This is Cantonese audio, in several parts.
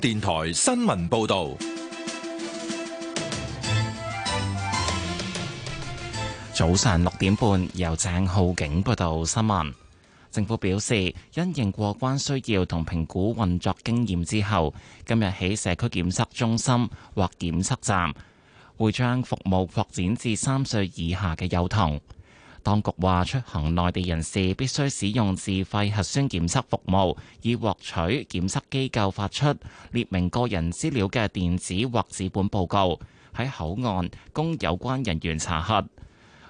電台新聞報道，早上六點半，由鄭浩景報道新聞。政府表示，因應過關需要同評估運作經驗之後，今日起社區檢測中心或檢測站會將服務擴展至三歲以下嘅幼童。當局話，出行內地人士必須使用自費核酸檢測服務，以獲取檢測機構發出列明個人資料嘅電子或紙本報告，喺口岸供有關人員查核。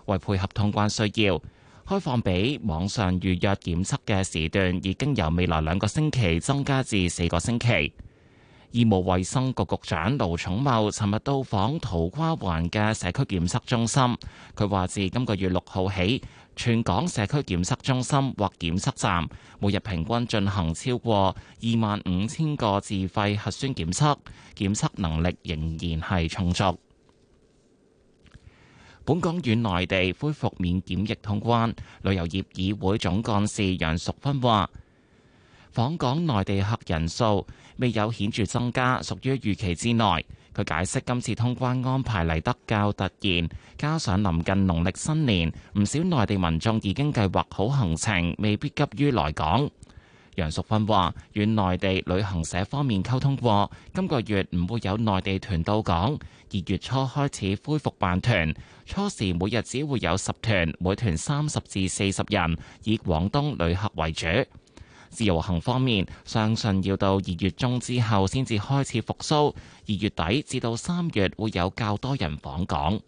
為配合通關需要，開放俾網上預約檢測嘅時段已經由未來兩個星期增加至四個星期。醫務衛生局局長盧寵茂尋日到訪土瓜灣嘅社區檢測中心，佢話自今個月六號起，全港社區檢測中心或檢測站每日平均進行超過二萬五千個自費核酸檢測，檢測能力仍然係充足。本港與內地恢復免檢疫通關，旅遊業議會總幹事楊淑芬話：訪港內地客人數未有顯著增加，屬於預期之內。佢解釋今次通關安排嚟得較突然，加上臨近農曆新年，唔少內地民眾已經計劃好行程，未必急於來港。楊淑芬話，與內地旅行社方面溝通過，今個月唔會有內地團到港，二月初開始恢復辦團，初時每日只會有十團，每團三十至四十人，以廣東旅客為主。自由行方面，相信要到二月中之後先至開始復甦，二月底至到三月會有較多人訪港。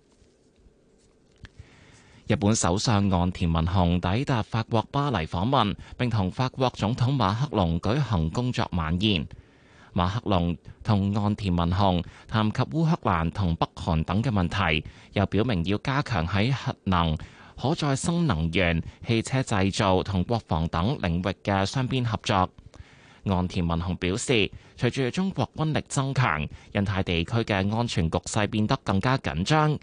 日本首相岸田文雄抵達法國巴黎訪問，並同法國總統馬克龍舉行工作晚宴。馬克龍同岸田文雄談及烏克蘭同北韓等嘅問題，又表明要加強喺核能。可在再生能源、汽車製造同國防等領域嘅雙邊合作。岸田文雄表示，隨住中國軍力增強，印太地區嘅安全局勢變得更加緊張，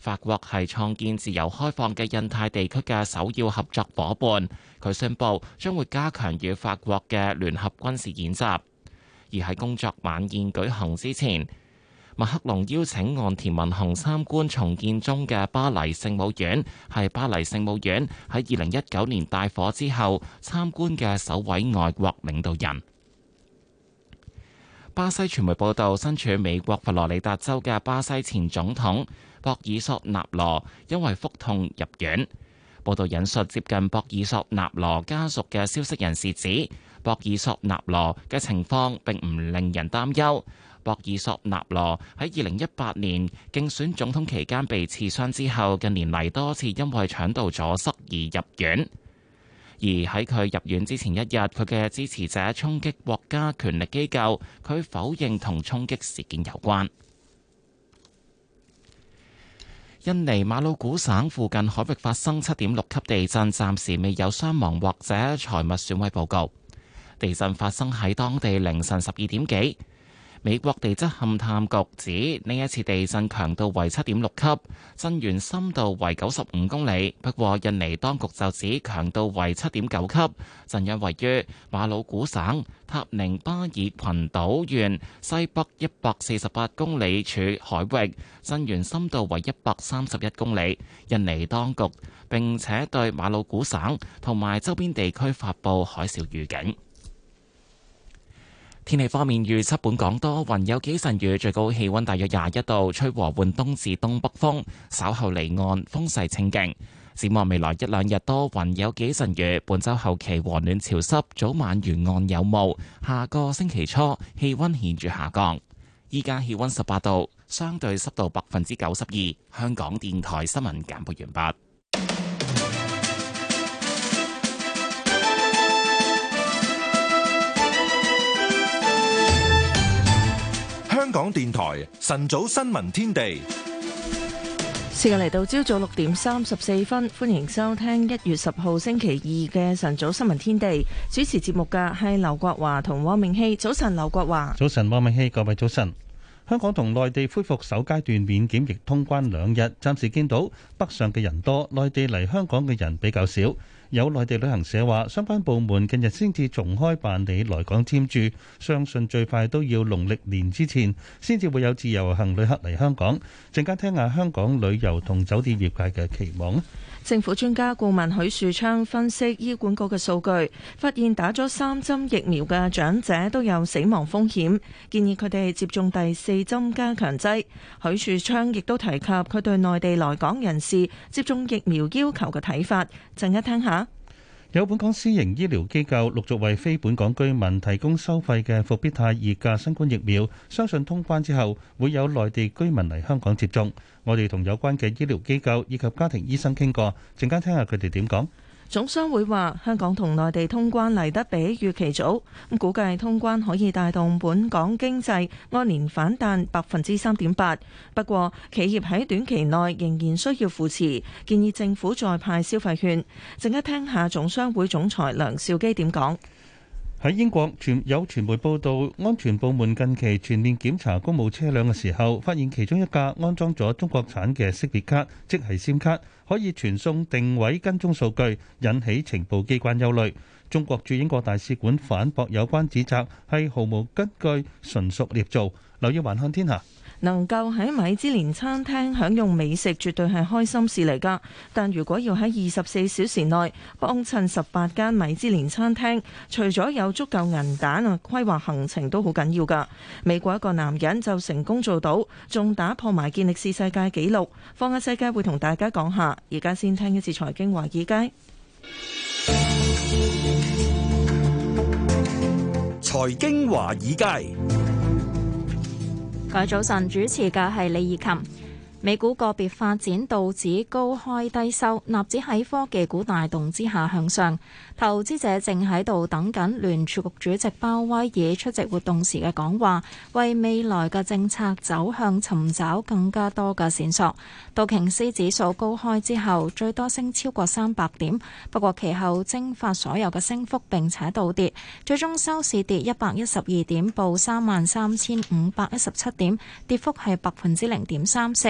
法國係創建自由開放嘅印太地區嘅首要合作夥伴。佢宣布將會加強與法國嘅聯合軍事演習，而喺工作晚宴舉行之前，馬克龍邀請岸田文雄參觀重建中嘅巴黎聖母院，係巴黎聖母院喺二零一九年大火之後參觀嘅首位外國領導人。巴西傳媒報道，身處美國佛羅里達州嘅巴西前總統博爾索納羅因為腹痛入院。報道引述接近博爾索納羅家屬嘅消息人士指，博爾索納羅嘅情況並唔令人擔憂。博爾索納羅喺二零一八年競選總統期間被刺傷之後，近年嚟，多次因為腸道阻塞而入院。而喺佢入院之前一日，佢嘅支持者衝擊國家權力機構，佢否認同衝擊事件有關。印尼馬魯古省附近海域發生七點六級地震，暫時未有傷亡或者財物損毀報告。地震發生喺當地凌晨十二點幾。美國地質勘探局指呢一次地震強度為七點六級，震源深度為九十五公里。不過印尼當局就指強度為七點九級，震央位於馬魯古省塔寧巴爾群島縣西北一百四十八公里處海域，震源深度為一百三十一公里。印尼當局並且對馬魯古省同埋周邊地區發布海嘯預警。天氣方面，預測本港多雲有幾陣雨，最高氣溫大約廿一度，吹和緩東至東北風。稍後離岸風勢清勁。展望未來一兩日多雲有幾陣雨，本周後期和暖潮濕，早晚沿岸有霧。下個星期初氣溫顯著下降。依家氣溫十八度，相對濕度百分之九十二。香港電台新聞簡報完畢。香港電台晨早新聞天地，時間嚟到朝早六點三十四分，歡迎收聽一月十號星期二嘅晨早新聞天地。主持節目嘅係劉國華同汪明熙。早晨，劉國華，早晨，汪明熙，各位早晨。香港同內地恢復首階段免檢疫通關兩日，暫時見到北上嘅人多，內地嚟香港嘅人比較少。有內地旅行社話，相關部門近日先至重開辦理來港簽注，相信最快都要農曆年之前先至會有自由行旅客嚟香港。陣間聽下香港旅遊同酒店業界嘅期望。政府專家顧問許樹昌分析醫管局嘅數據，發現打咗三針疫苗嘅長者都有死亡風險，建議佢哋接種第四針加強劑。許樹昌亦都提及佢對內地來港人士接種疫苗要求嘅睇法，陣間聽下。有本港私營醫療機構陸續為非本港居民提供收費嘅復必泰二價新冠疫苗，相信通關之後會有內地居民嚟香港接種，我哋同有關嘅醫療機構以及家庭醫生傾過，陣間聽下佢哋點講。總商會話：香港同內地通關嚟得比預期早，咁估計通關可以帶動本港經濟按年反彈百分之三點八。不過企業喺短期內仍然需要扶持，建議政府再派消費券。陣間聽下總商會總裁梁兆基點講。喺英國，傳有傳媒報道，安全部門近期全面檢查公務車輛嘅時候，發現其中一架安裝咗中國產嘅識別卡，即係閃卡，可以傳送定位跟蹤數據，引起情報機關憂慮。中國駐英國大使館反駁有關指責係毫無根據，純屬捏造。留意《還看天下》。能夠喺米芝蓮餐廳享用美食絕對係開心事嚟噶，但如果要喺二十四小時內幫襯十八間米芝蓮餐廳，除咗有足夠銀彈啊，規劃行程都好緊要噶。美國一個男人就成功做到，仲打破埋健力士世界紀錄。放眼世界會同大家講下，而家先聽一次財經華爾街。財經華爾街。各位早晨，主持嘅係李怡琴。美股個別發展，道指高開低收，納指喺科技股帶動之下向上。投資者正喺度等緊聯儲局主席鮑威爾出席活動時嘅講話，為未來嘅政策走向尋找更加多嘅線索。道瓊斯指數高開之後，最多升超過三百點，不過其後蒸發所有嘅升幅，並且倒跌，最終收市跌一百一十二點，報三萬三千五百一十七點，跌幅係百分之零點三四。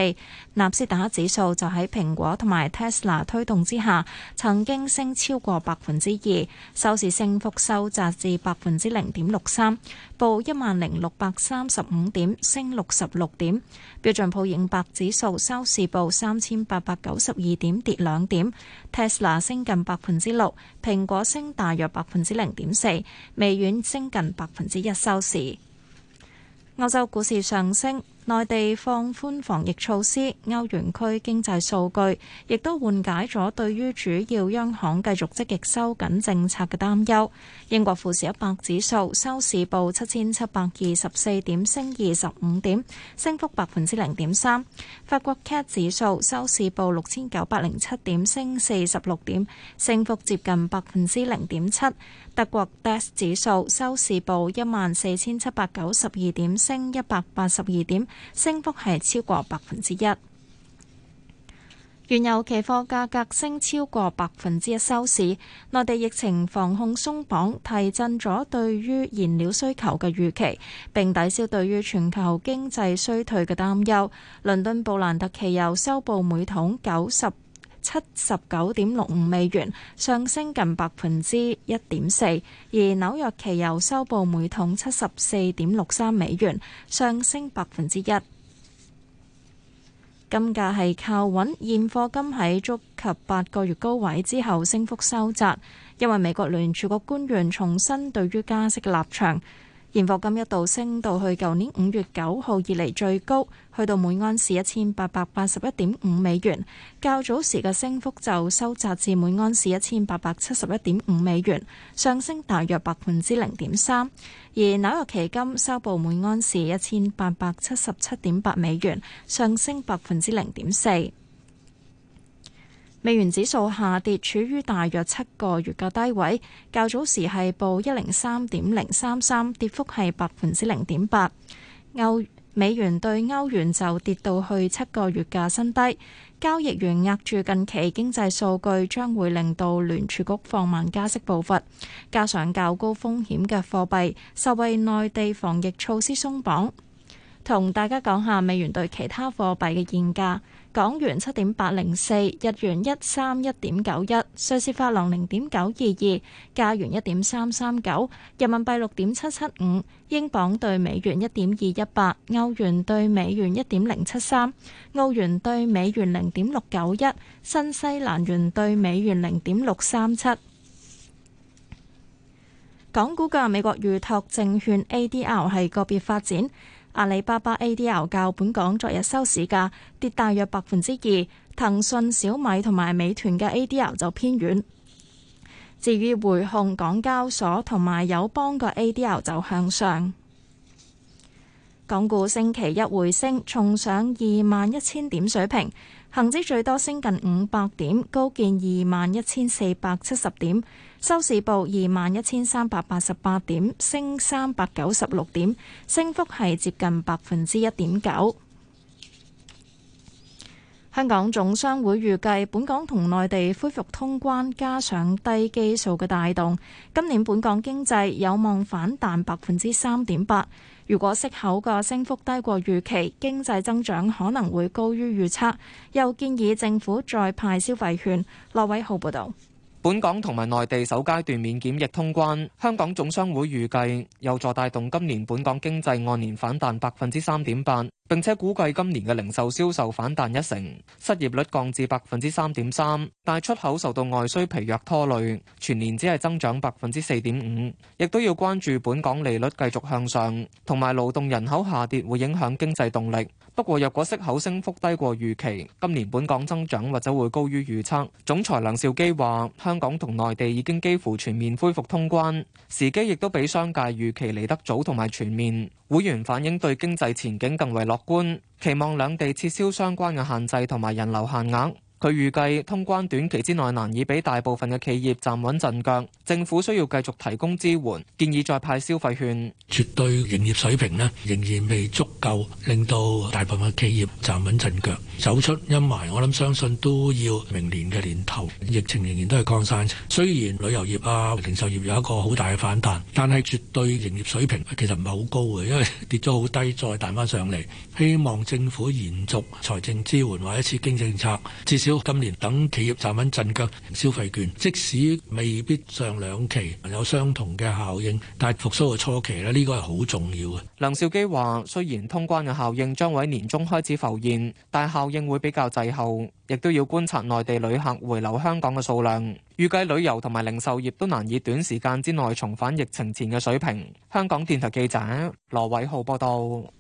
納斯達克指數就喺蘋果同埋 Tesla 推動之下，曾經升超過百分之二收市升幅收窄至百分之零點六三，報一萬零六百三十五點，升六十六點。標準普五百指數收市報三千八百九十二點，跌兩點。Tesla 升近百分之六，蘋果升大約百分之零點四，微軟升近百分之一收市。歐洲股市上升。內地放寬防疫措施，歐元區經濟數據亦都緩解咗對於主要央行繼續積極收緊政策嘅擔憂。英國富時一百指數收市報七千七百二十四點，升二十五點，升幅百分之零點三。法國 CAC 指數收市報六千九百零七點，升四十六點，升幅接近百分之零點七。德國 DAX 指數收市報一萬四千七百九十二點，升一百八十二點，升幅係超過百分之一。原油期貨價格升超過百分之一，收市。內地疫情防控鬆綁，提振咗對於燃料需求嘅預期，並抵消對於全球經濟衰退嘅擔憂。倫敦布蘭特期油收報每桶九十，七十九點六五美元，上升近百分之一點四，而紐約期油收報每桶七十四點六三美元，上升百分之一。金價係靠穩，現貨金喺觸及八個月高位之後升幅收窄，因為美國聯儲局官員重申對於加息嘅立場。現貨金一度升到去舊年五月九號以嚟最高。去到每安士一千八百八十一點五美元，較早時嘅升幅就收窄至每安士一千八百七十一點五美元，上升大約百分之零點三。而紐約期金收報每安士一千八百七十七點八美元，上升百分之零點四。美元指數下，下跌，處於大約七個月嘅低位，較早時係報一零三點零三三，跌幅係百分之零點八。歐美元兌歐元就跌到去七個月嘅新低，交易員壓住近期經濟數據將會令到聯儲局放慢加息步伐，加上較高風險嘅貨幣受惠內地防疫措施鬆綁，同大家講下美元對其他貨幣嘅現價。港元七點八零四，日元一三一點九一，瑞士法郎零點九二二，加元一點三三九，人民幣六點七七五，英鎊對美元一點二一八，歐元對美元一點零七三，澳元對美元零點六九一，新西蘭元對美元零點六三七。港股嘅美國預託證券 ADR 係個別發展。阿里巴巴 A.D.R. 較本港昨日收市價跌大約百分之二，騰訊、小米同埋美團嘅 A.D.R. 就偏軟。至於匯控、港交所同埋友邦嘅 A.D.R. 就向上。港股星期一回升，重上二萬一千點水平，恒指最多升近五百點，高見二萬一千四百七十點。收市報二萬一千三百八十八點，升三百九十六點，升幅係接近百分之一點九。香港總商會預計，本港同內地恢復通關，加上低基數嘅帶動，今年本港經濟有望反彈百分之三點八。如果息口個升幅低過預期，經濟增長可能會高於預測。又建議政府再派消費券。羅偉浩報道。本港同埋內地首階段免檢疫通關，香港總商會預計有助帶動今年本港經濟按年反彈百分之三點八。並且估計今年嘅零售銷售反彈一成，失業率降至百分之三點三。但出口受到外需疲弱拖累，全年只係增長百分之四點五。亦都要關注本港利率繼續向上，同埋勞動人口下跌會影響經濟動力。不過，若果息口升幅低過預期，今年本港增長或者會高於預測。總裁梁兆基話：香港同內地已經幾乎全面恢復通關，時機亦都比商界預期嚟得早同埋全面。會員反映對經濟前景更為樂觀，期望兩地撤銷相關嘅限制同埋人流限額。佢預計通關短期之內難以俾大部分嘅企業站穩陣腳，政府需要繼續提供支援，建議再派消費券。絕對營業水平咧仍然未足夠令到大部分企業站穩陣腳走出陰霾。我諗相信都要明年嘅年頭疫情仍然都係擴散。雖然旅遊業啊、零售業有一個好大嘅反彈，但係絕對營業水平其實唔係好高嘅，因為跌咗好低再彈翻上嚟。希望政府延續財政支援或者刺激經濟政策，至少。今年等企業站穩陣腳消費券，即使未必上兩期有相同嘅效應，但係復甦嘅初期呢，呢個係好重要嘅。梁兆基話，雖然通關嘅效應將會喺年中開始浮現，但效應會比較滯後，亦都要觀察內地旅客回流香港嘅數量。預計旅遊同埋零售業都難以短時間之內重返疫情前嘅水平。香港電台記者羅偉浩報道。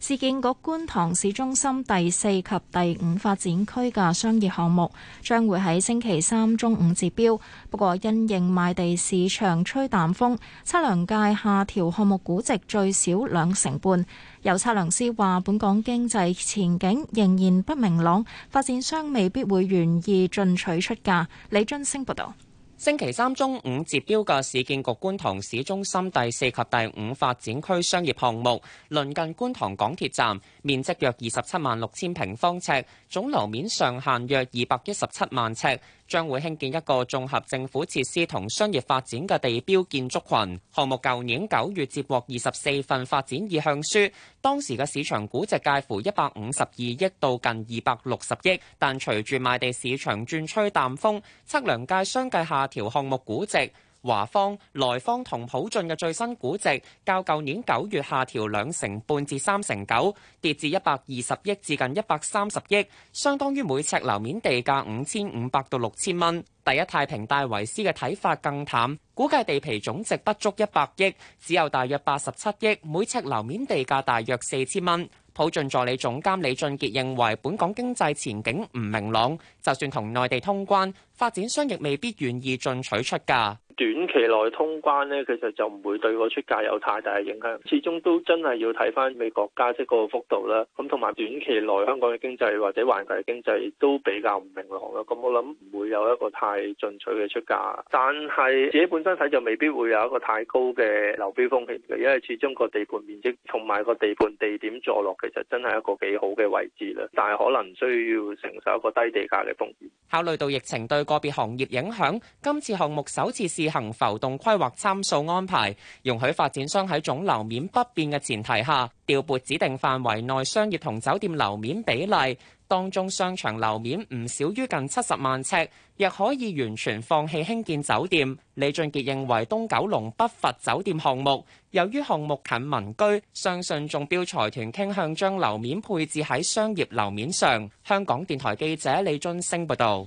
市建局觀塘市中心第四及第五發展區嘅商業項目將會喺星期三中午截標。不過因應賣地市場吹淡風，測量界下調項目估值最少兩成半。有測量師話本港經濟前景仍然不明朗，發展商未必會願意進取出價。李津升報道。星期三中午截標嘅市建局觀塘市中心第四及第五發展區商業項目，鄰近觀塘港鐵站。面積約二十七萬六千平方尺，總樓面上限約二百一十七萬尺，將會興建一個綜合政府設施同商業發展嘅地標建築群。項目舊年九月接獲二十四份發展意向書，當時嘅市場估值介乎一百五十二億到近二百六十億，但隨住賣地市場轉吹淡風，測量界相繼下調項目估值。華方、來方同普進嘅最新估值，較舊年九月下調兩成半至三成九，跌至一百二十億至近一百三十億，相當於每尺樓面地價五千五百到六千蚊。第一太平戴維斯嘅睇法更淡，估計地皮總值不足一百億，只有大約八十七億，每尺樓面地價大約四千蚊。普進助理總監李俊杰認為，本港經濟前景唔明朗，就算同內地通關，發展商亦未必願意進取出價。短期內通關咧，其實就唔會對個出價有太大嘅影響。始終都真係要睇返美國加息個幅度啦。咁同埋短期內香港嘅經濟或者環球經濟都比較唔明朗啦。咁我諗唔會有一個太進取嘅出價。但係自己本身睇就未必會有一個太高嘅流標風險嘅，因為始終個地盤面積同埋個地盤地點坐落其實真係一個幾好嘅位置啦。但係可能需要承受一個低地價嘅風險。考慮到疫情對個別行業影響，今次項目首次試行浮動規劃參數安排，容許發展商喺總樓面不變嘅前提下，調撥指定範圍內商業同酒店樓面比例，當中商場樓面唔少於近七十萬尺，亦可以完全放棄興建酒店。李俊杰認為，東九龍不乏酒店項目，由於項目近民居，相信中標財團傾向將樓面配置喺商業樓面上。香港電台記者李俊升報道。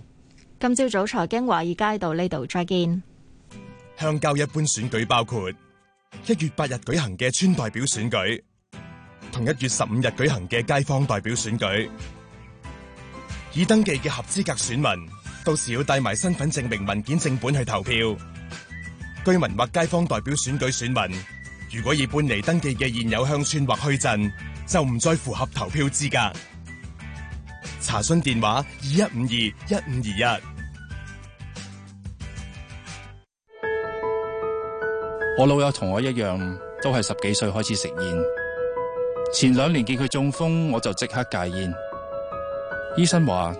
今朝早財經華爾街到呢度再見。鄉郊一般選舉包括一月八日舉行嘅村代表選舉，同一月十五日舉行嘅街坊代表選舉。已登記嘅合資格選民到時要帶埋身份證明文件正本去投票。居民或街坊代表選舉選民如果已搬離登記嘅現有鄉村或墟鎮，就唔再符合投票資格。查詢電話：二一五二一五二一。我老友同我一樣，都係十幾歲開始食煙。前兩年見佢中風，我就即刻戒煙。醫生話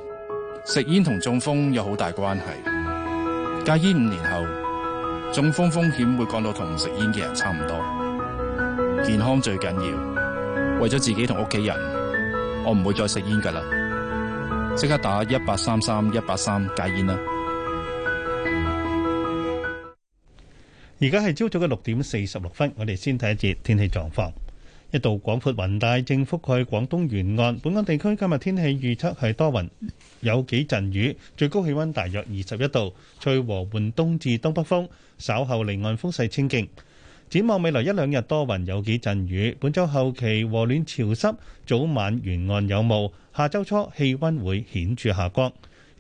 食煙同中風有好大關係。戒煙五年後，中風風險會降到同唔食煙嘅人差唔多。健康最緊要，為咗自己同屋企人，我唔會再食煙噶啦。即刻打一八三三一八三戒煙啦！而家係朝早嘅六點四十六分，我哋先睇一節天氣狀況。一道廣闊雲帶正覆蓋廣東沿岸，本港地區今日天氣預測係多雲，有幾陣雨，最高氣温大約二十一度，吹和緩東至東北風，稍後離岸風勢清勁。展望未來一兩日多雲有幾陣雨，本週後期和暖潮濕，早晚沿岸有霧。下週初氣温會顯著下降。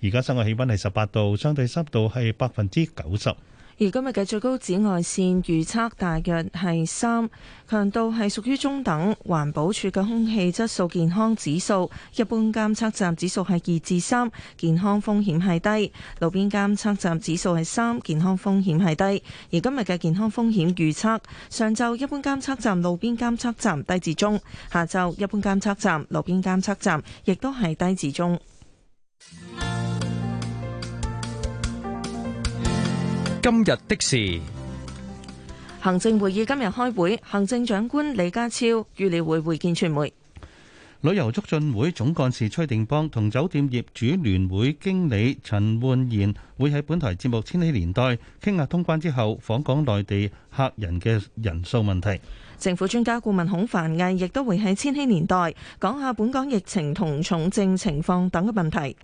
而家室外氣温係十八度，相對濕度係百分之九十。而今日嘅最高紫外線預測大約係三，強度係屬於中等。環保署嘅空氣質素健康指數，一般監測站指數係二至三，健康風險係低；路邊監測站指數係三，健康風險係低。而今日嘅健康風險預測，上晝一般監測站、路邊監測站低至中；下晝一般監測站、路邊監測站亦都係低至中。今日的事，行政會議今日開會，行政長官李家超預料會會見傳媒。旅遊促進會總幹事崔定邦同酒店業主聯會經理陳煥賢會喺本台節目《千禧年代》傾下通關之後訪港內地客人嘅人數問題。政府專家顧問孔繁毅亦都會喺《千禧年代》講下本港疫情同重症情況等嘅問題。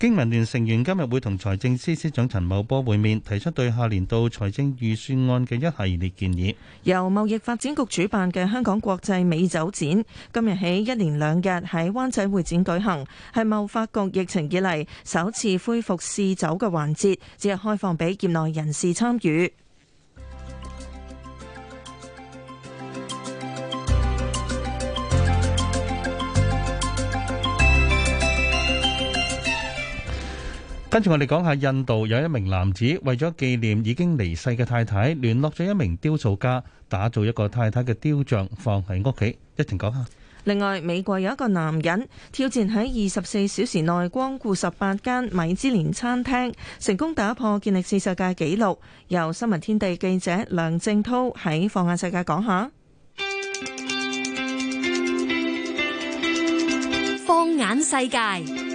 經民聯成員今日會同財政司司長陳茂波會面，提出對下年度財政預算案嘅一系列建議。由貿易發展局主辦嘅香港國際美酒展，今日起一連兩日喺灣仔會展舉行，係貿發局疫情以嚟首次恢復試酒嘅環節，只係開放俾業內人士參與。跟住我哋講下，印度有一名男子為咗紀念已經離世嘅太太，聯絡咗一名雕塑家，打造一個太太嘅雕像，放喺屋企。一陣講下。另外，美國有一個男人挑戰喺二十四小時內光顧十八間米芝蓮餐廳，成功打破健力士世界紀錄。由新聞天地記者梁正濤喺放眼世界講下。放眼世界。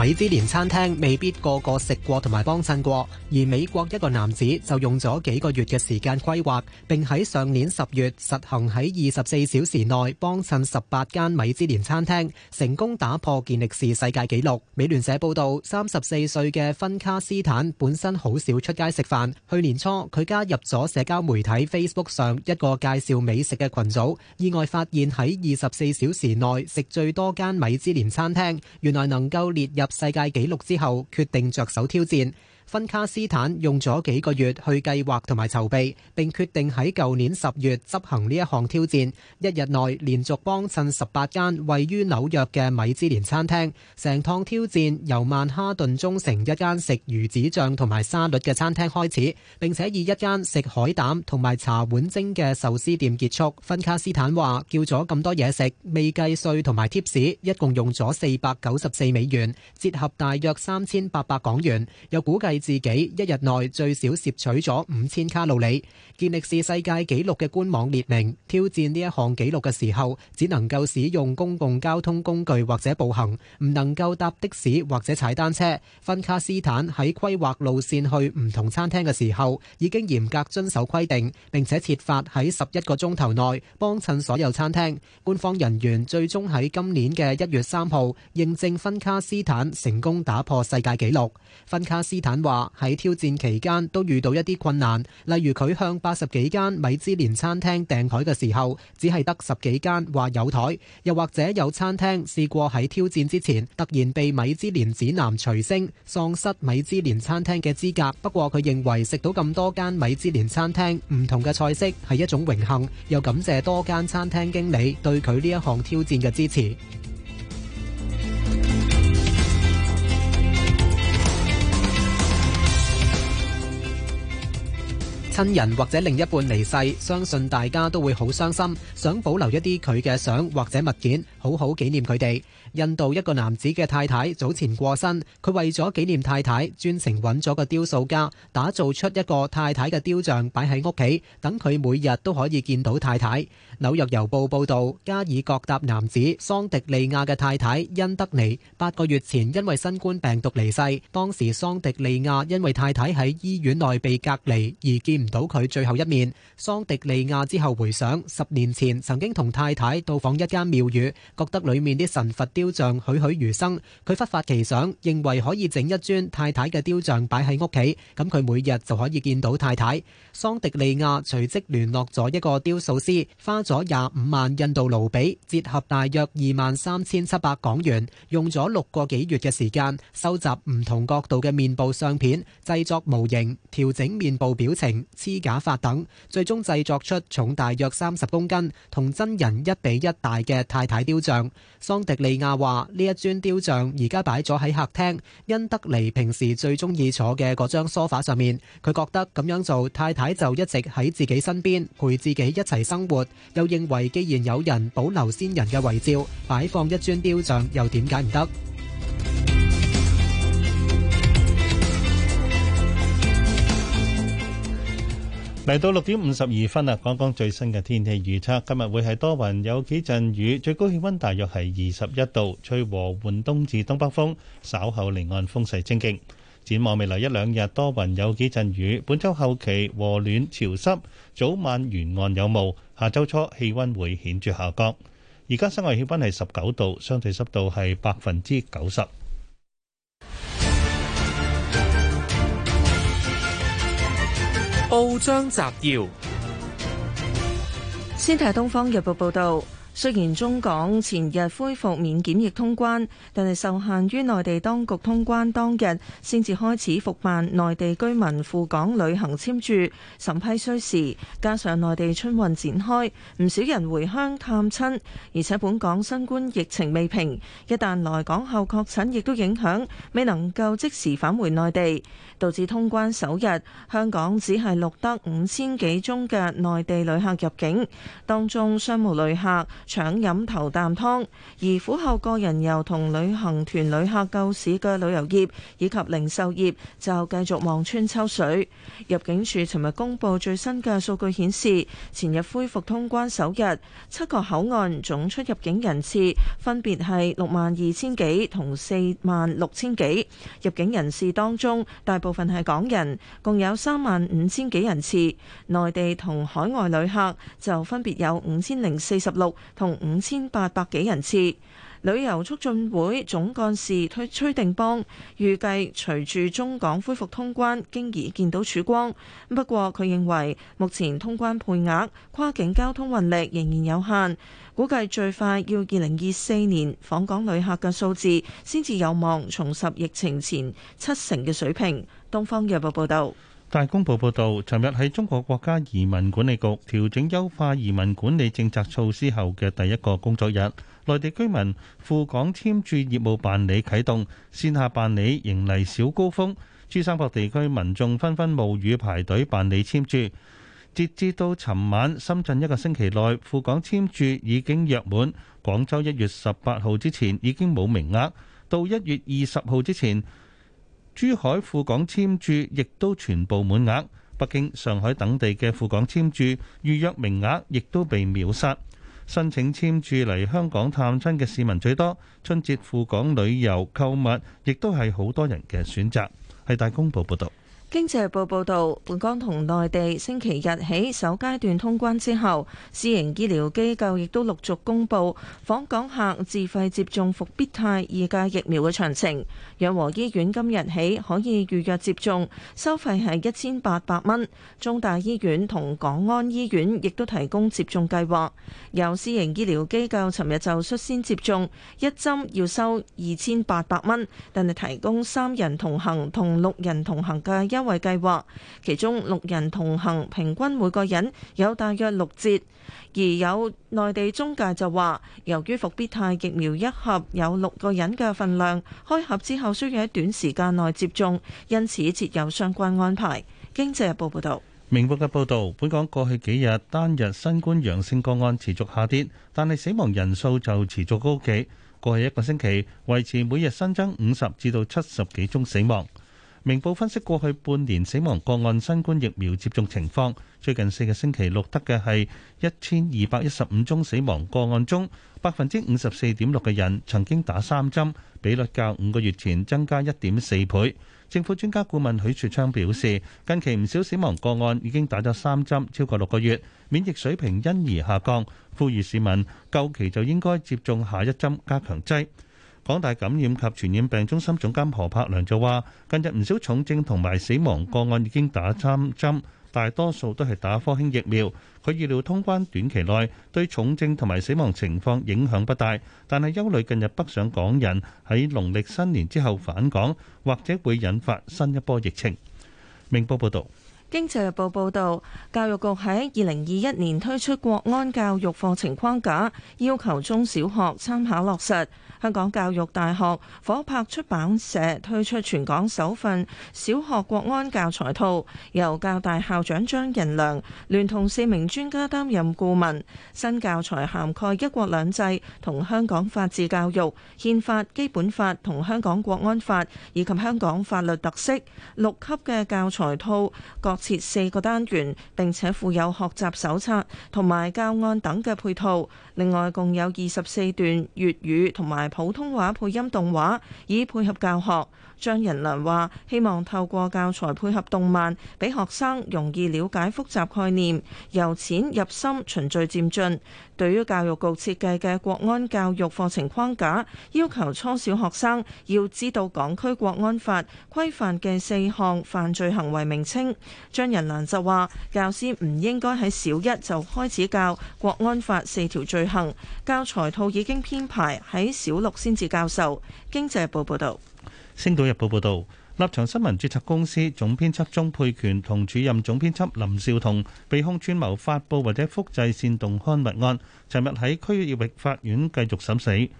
米芝蓮餐廳未必個個食過同埋幫襯過，而美國一個男子就用咗幾個月嘅時間規劃，並喺上年十月實行喺二十四小時內幫襯十八間米芝蓮餐廳，成功打破健力士世界紀錄。美聯社報道，三十四歲嘅芬卡斯坦本身好少出街食飯，去年初佢加入咗社交媒體 Facebook 上一個介紹美食嘅群組，意外發現喺二十四小時內食最多間米芝蓮餐廳，原來能夠列入。世界紀錄之後，決定着手挑戰。芬卡斯坦用咗幾個月去計劃同埋籌備，並決定喺舊年十月執行呢一項挑戰。一日內連續幫襯十八間位於紐約嘅米芝蓮餐廳。成趟挑戰由曼哈頓中城一間食魚子醬同埋沙律嘅餐廳開始，並且以一間食海膽同埋茶碗蒸嘅壽司店結束。芬卡斯坦話叫咗咁多嘢食，未計稅同埋貼士，一共用咗四百九十四美元，折合大約三千八百港元。又估計，自己一日內最少攝取咗五千卡路里。健力士世界紀錄嘅官網列明，挑戰呢一項紀錄嘅時候，只能夠使用公共交通工具或者步行，唔能夠搭的士或者踩單車。芬卡斯坦喺規劃路線去唔同餐廳嘅時候，已經嚴格遵守規定，並且設法喺十一個鐘頭內幫襯所有餐廳。官方人員最終喺今年嘅一月三號，認證芬卡斯坦成功打破世界紀錄。芬卡斯坦話喺挑戰期間都遇到一啲困難，例如佢向八十幾間米芝蓮餐廳訂台嘅時候，只係得十幾間話有台，又或者有餐廳試過喺挑戰之前突然被米芝蓮指南除星，喪失米芝蓮餐廳嘅資格。不過佢認為食到咁多間米芝蓮餐廳唔同嘅菜式係一種榮幸，又感謝多間餐廳經理對佢呢一項挑戰嘅支持。親人或者另一半離世，相信大家都會好傷心，想保留一啲佢嘅相或者物件，好好紀念佢哋。印度一個男子嘅太太早前過身，佢為咗紀念太太，專程揾咗個雕塑家，打造出一個太太嘅雕像，擺喺屋企，等佢每日都可以見到太太。紐約郵報報道，加爾各答男子桑迪利亞嘅太太因德尼八個月前因為新冠病毒離世，當時桑迪利亞因為太太喺醫院內被隔離而見唔到佢最後一面。桑迪利亞之後回想，十年前曾經同太太到訪一間廟宇，覺得裏面啲神佛雕。雕像栩栩如生，佢忽發奇想，認為可以整一尊太太嘅雕像擺喺屋企，咁佢每日就可以見到太太。桑迪利亞隨即聯絡咗一個雕塑師，花咗廿五萬印度盧比，折合大約二萬三千七百港元，用咗六個幾月嘅時間，收集唔同角度嘅面部相片，製作模型，調整面部表情、黐假髮等，最終製作出重大約三十公斤、同真人一比一大嘅太太雕像。桑迪利亞。阿話：呢一尊雕像而家擺咗喺客廳，因德嚟，平時最中意坐嘅嗰張梳化上面。佢覺得咁樣做，太太就一直喺自己身邊陪自己一齊生活。又認為既然有人保留先人嘅遺照，擺放一尊雕像，又點解唔得？嚟到六點五十二分啊，講講最新嘅天氣預測，今日會係多雲，有幾陣雨，最高氣溫大約係二十一度，吹和緩東至東北風，稍後離岸風勢清勁。展望未來一兩日多雲，有幾陣雨。本週後期和暖潮濕，早晚沿岸有霧。下週初氣溫會顯著下降。而家室外氣溫係十九度，相對濕度係百分之九十。報章摘要：先睇《東方日報》報道。雖然中港前日恢復免檢疫通關，但係受限於內地當局通關當日先至開始復辦內地居民赴港旅行簽注，審批需時，加上內地春運展開，唔少人回鄉探親，而且本港新冠疫情未平，一旦來港後確診，亦都影響未能夠即時返回內地，導致通關首日香港只係錄得五千幾宗嘅內地旅客入境，當中商務旅客搶飲頭啖湯，而苦候個人遊同旅行團旅客救市嘅旅遊業以及零售業就繼續望穿秋水。入境處尋日公布最新嘅數據顯示，前日恢復通關首日，七個口岸總出入境人次分別係六萬二千幾同四萬六千幾。入境人士當中，大部分係港人，共有三萬五千幾人次；內地同海外旅客就分別有五千零四十六同五千八百幾人次，旅遊促進會總幹事崔崔定邦預計，隨住中港恢復通關，經而見到曙光。不過，佢認為目前通關配額、跨境交通運力仍然有限，估計最快要二零二四年訪港旅客嘅數字先至有望重拾疫情前七成嘅水平。《東方日報》報道。大公報報導，尋日喺中國國家移民管理局調整優化移民管理政策措施後嘅第一個工作日，內地居民赴港簽注業務辦理啟動，線下辦理迎嚟小高峰。珠三角地區民眾紛紛冒雨排隊辦理簽注。截至到尋晚，深圳一個星期內赴港簽注已經約滿，廣州一月十八號之前已經冇名額，到一月二十號之前。珠海赴港簽注亦都全部滿額，北京、上海等地嘅赴港簽注預約名額亦都被秒殺。申請簽注嚟香港探親嘅市民最多，春節赴港旅遊、購物亦都係好多人嘅選擇，係大公報報道。經濟報報導，本港同內地星期日起首階段通關之後，私營醫療機構亦都陸續公布訪港客自費接種復必泰二價疫苗嘅詳情。養和醫院今日起可以預約接種，收費係一千八百蚊。中大醫院同港安醫院亦都提供接種計劃。有私營醫療機構尋日就率先接種，一針要收二千八百蚊，但係提供三人同行同六人同行嘅一優惠計劃，其中六人同行，平均每個人有大約六折。而有內地中介就話，由於復必泰疫苗一盒有六個人嘅份量，開盒之後需要喺短時間內接種，因此設有相關安排。經濟日報報道，明報嘅報道，本港過去幾日單日新冠陽性個案持續下跌，但係死亡人數就持續高企。過去一個星期維持每日新增五十至到七十幾宗死亡。明報分析過去半年死亡個案新冠疫苗接種情況，最近四個星期錄得嘅係一千二百一十五宗死亡個案中，百分之五十四點六嘅人曾經打三針，比率較五個月前增加一點四倍。政府專家顧問許樹昌表示，近期唔少死亡個案已經打咗三針超過六個月，免疫水平因而下降，呼籲市民夠期就應該接種下一針加強劑。港大感染及傳染病中心總監何柏良就話：近日唔少重症同埋死亡個案已經打針針，大多數都係打科興疫苗。佢預料通關短期內對重症同埋死亡情況影響不大，但係憂慮近日北上港人喺農曆新年之後返港，或者會引發新一波疫情。明報報道。《經濟日報》報道，教育局喺二零二一年推出國安教育課程框架，要求中小學參考落實。香港教育大學火拍出版社推出全港首份小學國安教材套，由教大校長張仁良聯同四名專家擔任顧問。新教材涵蓋一國兩制同香港法治教育、憲法、基本法同香港國安法以及香港法律特色。六級嘅教材套各設四個單元，並且附有學習手冊同埋教案等嘅配套。另外，共有二十四段粵語同埋普通話配音動畫，以配合教學。張仁良話，希望透過教材配合動漫，俾學生容易了解複雜概念，由淺入深，循序漸進。對於教育局設計嘅國安教育課程框架，要求初小學生要知道港區國安法規範嘅四項犯罪行為名稱。張仁蘭就話：教師唔應該喺小一就開始教國安法四條罪行，教材套已經編排喺小六先至教授。經濟日報報道。星島日報報道。立場新聞注冊公司總編輯鐘佩權同主任總編輯林少彤被控串謀發布或者複製煽動刊物案，尋日喺區域法院繼續審死。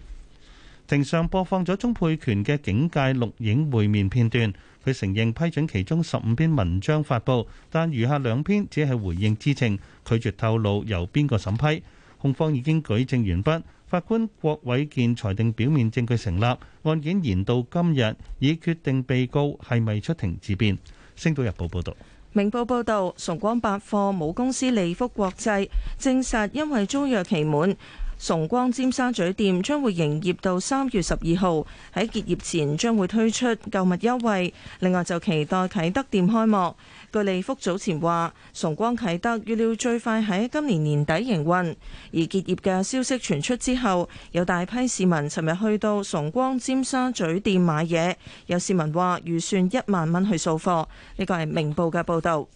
庭上播放咗鐘佩權嘅警戒錄影會面片段，佢承認批准其中十五篇文章發布，但餘下兩篇只係回應知情，拒絕透露由邊個審批。控方已經舉證完畢。法官郭偉健裁定，表面證據成立，案件延到今日，已決定被告係咪出庭自辯。星島日報報道，明報報道，崇光百貨母公司利福國際證實，因為租約期滿，崇光尖沙咀店將會營業到三月十二號，喺結業前將會推出購物優惠。另外就期待啟德店開幕。據利福早前話，崇光啟德預料最快喺今年年底營運，而結業嘅消息傳出之後，有大批市民尋日去到崇光尖沙咀店買嘢，有市民話預算一萬蚊去掃貨。呢個係明報嘅報道。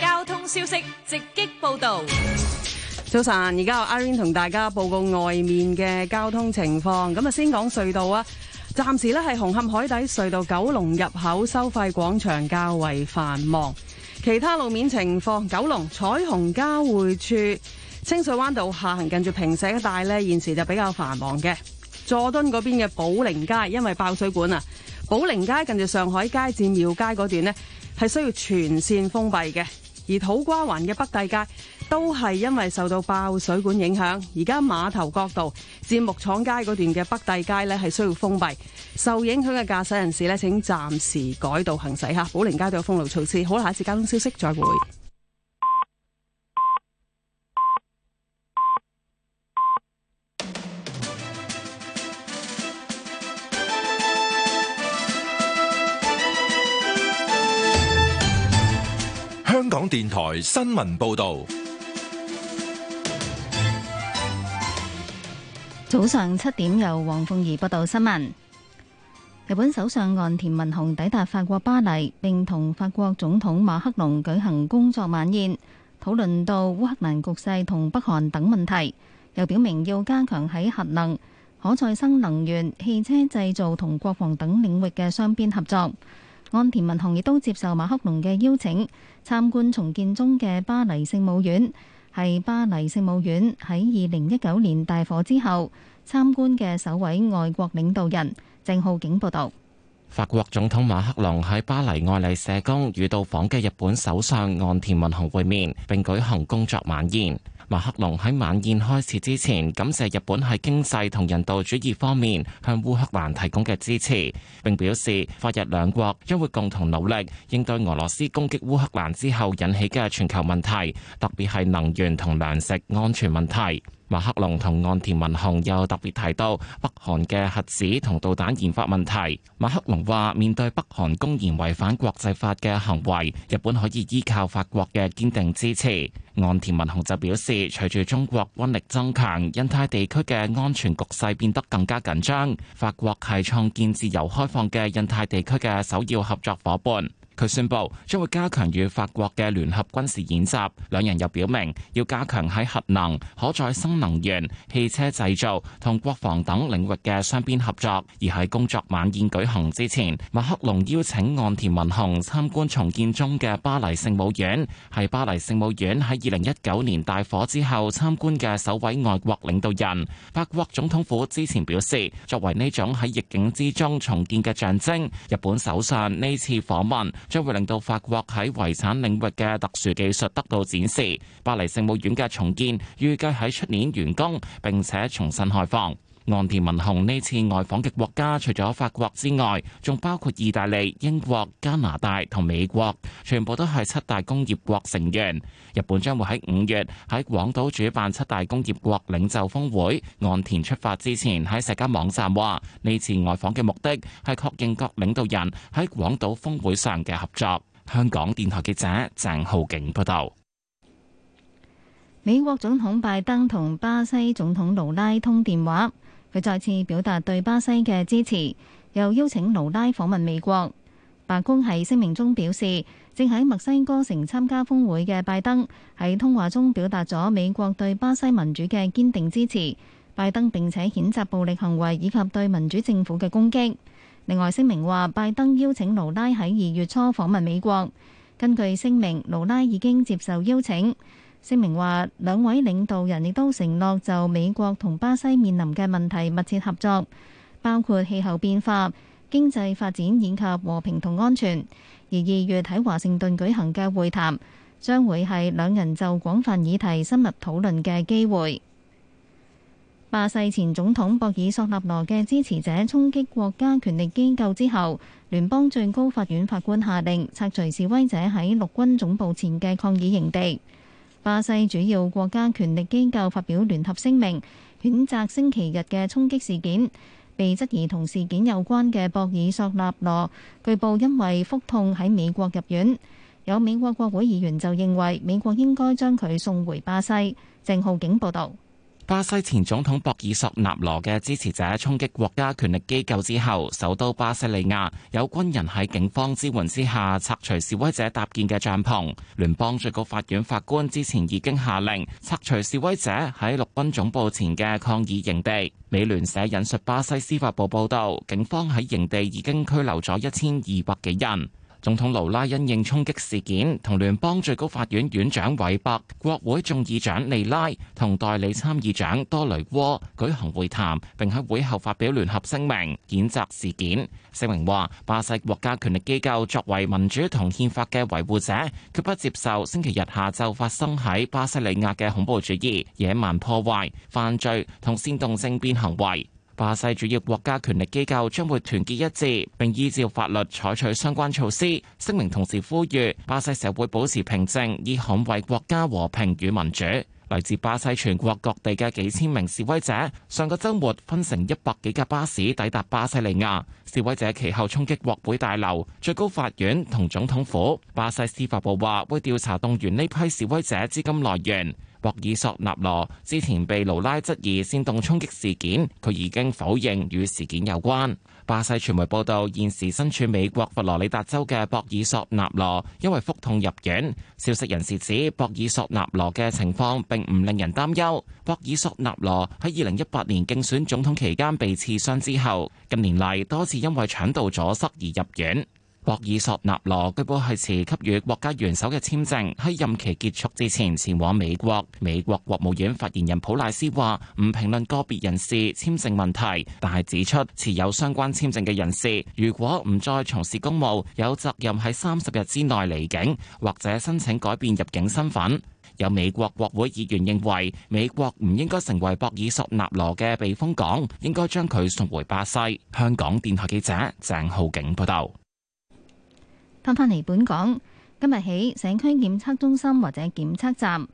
交通消息直擊報道，早晨，而家由 Irene 同大家報告外面嘅交通情況。咁啊，先講隧道啊。暫時咧係紅磡海底隧道九龍入口收費廣場較為繁忙，其他路面情況，九龍彩虹交匯處清水灣道下行近住坪石一帶咧，現時就比較繁忙嘅。佐敦嗰邊嘅寶靈街因為爆水管啊，寶靈街近住上海街至廟街嗰段呢，係需要全線封閉嘅。而土瓜灣嘅北帝街都係因為受到爆水管影響，而家馬頭角道至木廠街嗰段嘅北帝街咧係需要封閉，受影響嘅駕駛人士咧，請暫時改道行駛哈。寶寧街都有封路措施，好啦，下一次交通消息再會。香港電台新聞報道，早上七點由黃鳳儀報道新聞。日本首相岸田文雄抵達法國巴黎，並同法國總統馬克龍舉行工作晚宴，討論到烏克蘭局勢同北韓等問題，又表明要加強喺核能、可再生能源、汽車製造同國防等領域嘅雙邊合作。岸田文雄亦都接受馬克龍嘅邀請，參觀重建中嘅巴黎聖母院，係巴黎聖母院喺二零一九年大火之後參觀嘅首位外國領導人。鄭浩景報道。法國總統馬克龍喺巴黎愛麗舍宮與到訪嘅日本首相岸田文雄會面，並舉行工作晚宴。馬克龍喺晚宴開始之前感謝日本喺經濟同人道主義方面向烏克蘭提供嘅支持，並表示法日兩國將會共同努力應對俄羅斯攻擊烏克蘭之後引起嘅全球問題，特別係能源同糧食安全問題。馬克龍同岸田文雄又特別提到北韓嘅核子同導彈研發問題。馬克龍話，面對北韓公然違反國際法嘅行為，日本可以依靠法國嘅堅定支持。岸田文雄就表示，隨住中國軍力增強，印太地區嘅安全局勢變得更加緊張。法國係創建自由開放嘅印太地區嘅首要合作夥伴。佢宣布將會加強與法國嘅聯合軍事演習，兩人又表明要加強喺核能、可再生能源、汽車製造同國防等領域嘅雙邊合作。而喺工作晚宴舉行之前，馬克龍邀請岸田文雄參觀重建中嘅巴黎聖母院，係巴黎聖母院喺二零一九年大火之後參觀嘅首位外國領導人。法國總統府之前表示，作為呢種喺逆境之中重建嘅象徵，日本首相呢次訪問。將會令到法國喺遺產領域嘅特殊技術得到展示。巴黎聖母院嘅重建預計喺出年完工，並且重新開放。岸田文雄呢次外訪嘅國家，除咗法國之外，仲包括意大利、英國、加拿大同美國，全部都係七大工業國成員。日本將會喺五月喺廣島主辦七大工業國領袖峰會。岸田出發之前喺社交網站話，呢次外訪嘅目的係確認各領導人喺廣島峰會上嘅合作。香港電台記者鄭浩景報道。美國總統拜登同巴西總統盧拉通電話。佢再次表達對巴西嘅支持，又邀請盧拉訪問美國。白宮喺聲明中表示，正喺墨西哥城參加峰會嘅拜登喺通話中表達咗美國對巴西民主嘅堅定支持。拜登並且譴責暴力行為，以及對民主政府嘅攻擊。另外聲明話，拜登邀請盧拉喺二月初訪問美國。根據聲明，盧拉已經接受邀請。聲明話，兩位領導人亦都承諾就美國同巴西面臨嘅問題密切合作，包括氣候變化、經濟發展以及和平同安全。而二月喺華盛頓舉行嘅會談，將會係兩人就廣泛議題深入討論嘅機會。巴西前總統博爾索納羅嘅支持者衝擊國家權力機構之後，聯邦最高法院法官下令拆除示威者喺陸軍總部前嘅抗議營地。巴西主要國家權力機構發表聯合聲明，譴責星期日嘅衝擊事件。被質疑同事件有關嘅博爾索納羅，據報因為腹痛喺美國入院。有美國國會議員就認為美國應該將佢送回巴西。鄭浩景報道。巴西前總統博爾索納羅嘅支持者衝擊國家權力機構之後，首都巴西利亞有軍人喺警方支援之下拆除示威者搭建嘅帳篷。聯邦最高法院法官之前已經下令拆除示威者喺陸軍總部前嘅抗議營地。美聯社引述巴西司法部報導，警方喺營地已經拘留咗一千二百幾人。總統盧拉因應衝擊事件，同聯邦最高法院院長韋伯、國會眾議長利拉同代理參議長多雷戈舉行會談，並喺會後發表聯合聲明，譴責事件。聲明話：巴西國家權力機構作為民主同憲法嘅維護者，決不接受星期日下晝發生喺巴西利亞嘅恐怖主義、野蠻破壞、犯罪同煽動政變行為。巴西主要國家權力機構將會團結一致，並依照法律採取相關措施。聲明同時呼籲巴西社會保持平靜，以捍衛國家和平與民主。來自巴西全國各地嘅幾千名示威者，上個週末分成一百幾架巴士抵達巴西利亞。示威者其後衝擊國會大樓、最高法院同總統府。巴西司法部話會調查動員呢批示威者資金來源。博爾索納羅之前被盧拉質疑煽動衝擊事件，佢已經否認與事件有關。巴西傳媒報道，現時身處美國佛羅里達州嘅博爾索納羅因為腹痛入院。消息人士指，博爾索納羅嘅情況並唔令人擔憂。博爾索納羅喺二零一八年競選總統期間被刺傷之後，近年嚟多次因為腸道阻塞而入院。博爾索納羅據報係持給予國家元首嘅簽證，喺任期結束之前前往美國。美國國務院發言人普賴斯話唔評論個別人士簽證問題，但係指出持有相關簽證嘅人士如果唔再從事公務，有責任喺三十日之內離境或者申請改變入境身份。有美國國會議員認為美國唔應該成為博爾索納羅嘅避風港，應該將佢送回巴西。香港電台記者鄭浩景報道。翻返嚟本港，今日起，社區檢測中心或者檢測站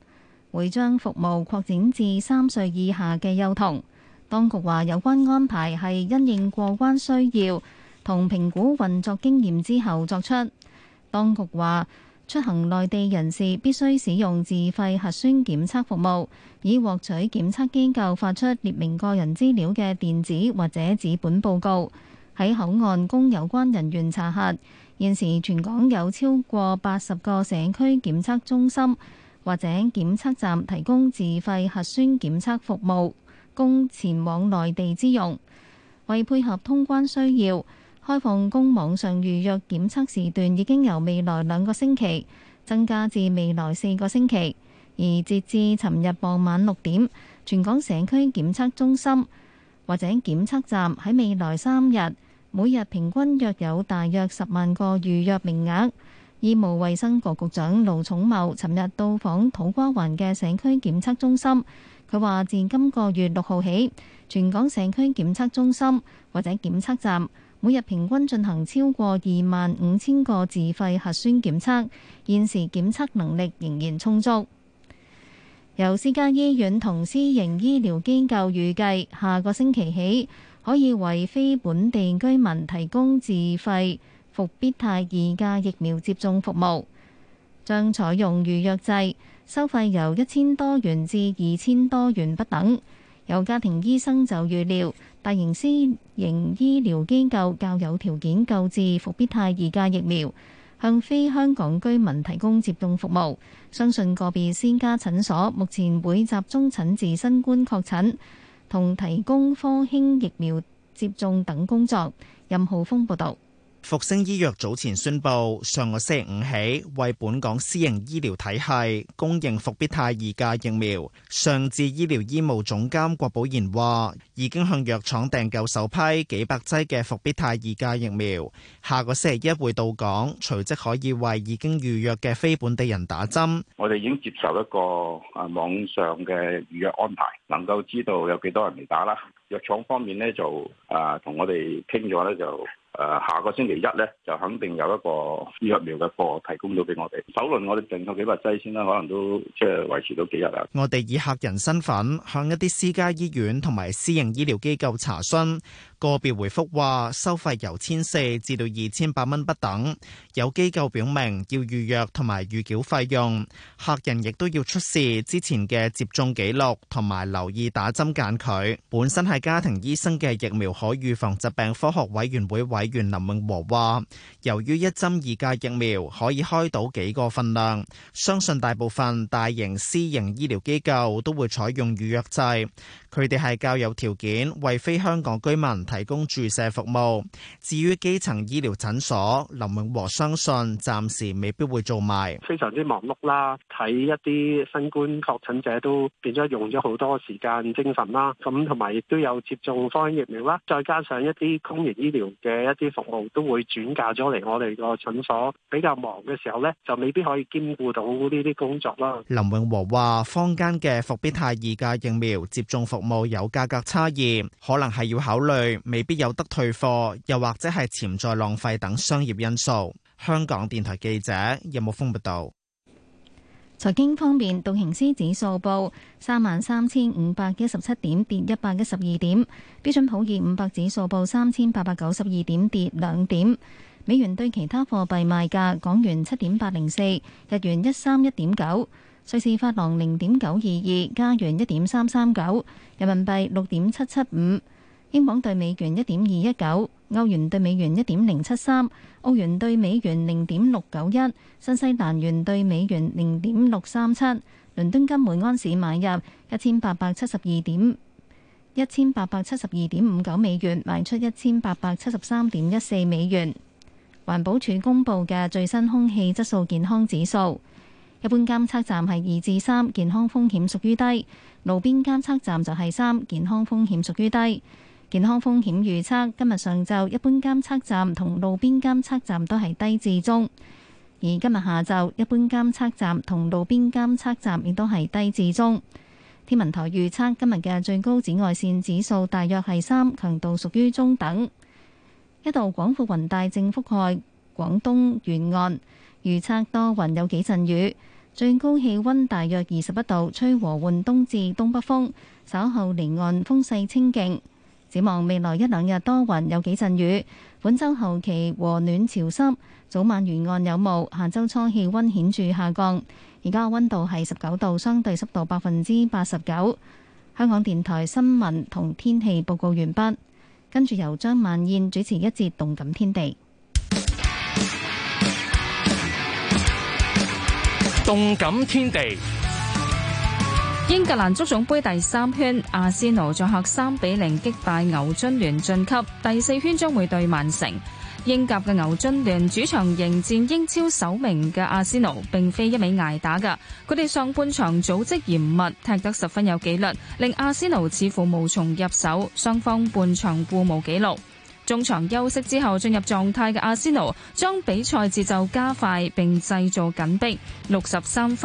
會將服務擴展至三歲以下嘅幼童。當局話，有關安排係因應過關需要同評估運作經驗之後作出。當局話，出行內地人士必須使用自費核酸檢測服務，以獲取檢測機構發出列明個人資料嘅電子或者紙本報告，喺口岸供有關人員查核。現時全港有超過八十個社區檢測中心或者檢測站提供自費核酸檢測服務，供前往內地之用。為配合通關需要，開放供網上預約檢測時段已經由未來兩個星期增加至未來四個星期。而截至尋日傍晚六點，全港社區檢測中心或者檢測站喺未來三日。每日平均約有大約十萬個預約名額。醫務衛生局局長盧寵茂尋日到訪土瓜灣嘅社區檢測中心，佢話：自今個月六號起，全港社區檢測中心或者檢測站每日平均進行超過二萬五千個自費核酸檢測，現時檢測能力仍然充足。由私家醫院同私營醫療機構預計，下個星期起。可以為非本地居民提供自費復必泰二價疫苗接種服務，將採用預約制，收費由一千多元至二千多元不等。有家庭醫生就預料，大型私營醫療機構較有條件購置復必泰二價疫苗，向非香港居民提供接種服務。相信個別私家診所目前會集中診治新冠確診。同提供科興疫苗接種等工作。任浩峰報道。復星醫藥早前宣布，上個星期五起為本港私營醫療體系供應復必泰二價疫苗。上至醫療醫務總監郭寶賢話，已經向藥廠訂購首批幾百劑嘅復必泰二價疫苗，下個星期一會到港，隨即可以為已經預約嘅非本地人打針。我哋已經接受一個啊網上嘅預約安排，能夠知道有幾多人嚟打啦。藥廠方面咧就啊同我哋傾咗咧就。呃誒下個星期一咧，就肯定有一個疫苗嘅貨提供到俾我哋。首輪我哋訂咗幾百劑先啦，可能都即係維持到幾日啦。我哋以客人身份向一啲私家醫院同埋私營醫療機構查詢。個別回覆話收費由千四至到二千八蚊不等，有機構表明要預約同埋預繳費用，客人亦都要出示之前嘅接種記錄同埋留意打針間距。本身係家庭醫生嘅疫苗可預防疾病科學委員會委員林永和話，由於一針二價疫苗可以開到幾個份量，相信大部分大型私營醫療機構都會採用預約制。佢哋係較有條件為非香港居民提供注射服務。至於基層醫療診所，林永和相信暫時未必會做埋。非常之忙碌啦，睇一啲新冠確診者都變咗用咗好多時間精神啦。咁同埋亦都有接種方艙疫苗啦，再加上一啲公營醫療嘅一啲服務都會轉嫁咗嚟我哋個診所。比較忙嘅時候呢，就未必可以兼顧到呢啲工作啦。林永和話：坊間嘅伏必泰二價疫苗接種服。服務有價格差異，可能係要考慮未必有得退貨，又或者係潛在浪費等商業因素。香港電台記者任木峰報道。財經方面，道瓊斯指數報三萬三千五百一十七點，跌一百一十二點；標準普爾五百指數報三千八百九十二點，跌兩點。美元對其他貨幣賣價：港元七點八零四，日元一三一點九。瑞士法郎零點九二二，加元一點三三九，人民幣六點七七五，英鎊兌美元一點二一九，歐元兌美元一點零七三，澳元兌美元零點六九一，新西蘭元兌美元零點六三七。倫敦金每盎司買入一千八百七十二點一千八百七十二點五九美元，賣出一千八百七十三點一四美元。環保署公布嘅最新空氣質素健康指數。一般監測站係二至三，健康風險屬於低；路邊監測站就係三，健康風險屬於低。健康風險預測今日上晝一般監測站同路邊監測站都係低至中，而今日下晝一般監測站同路邊監測站亦都係低至中。天文台預測今日嘅最高紫外線指數大約係三，強度屬於中等。一道廣闊雲帶正覆蓋廣東沿岸。預測多雲有幾陣雨，最高氣溫大約二十一度，吹和緩東至東北風。稍後離岸風勢清勁。展望未來一兩日多雲有幾陣雨，本周後期和暖潮濕，早晚沿岸有霧。下周初氣溫顯著下降。而家溫度係十九度，相對濕度百分之八十九。香港電台新聞同天氣報告完畢，跟住由張曼燕主持一節《動感天地》。動感天地，英格蘭足總盃第三圈，阿仙奴作客三比零擊敗牛津聯晉級。第四圈將會對曼城。英甲嘅牛津聯主場迎戰英超首名嘅阿仙奴。並非一味捱打噶。佢哋上半場組織嚴密，踢得十分有紀律，令阿仙奴似乎無從入手。雙方半場互無紀錄。中場休息之後，進入狀態嘅阿仙奴將比賽節奏加快，並製造緊逼63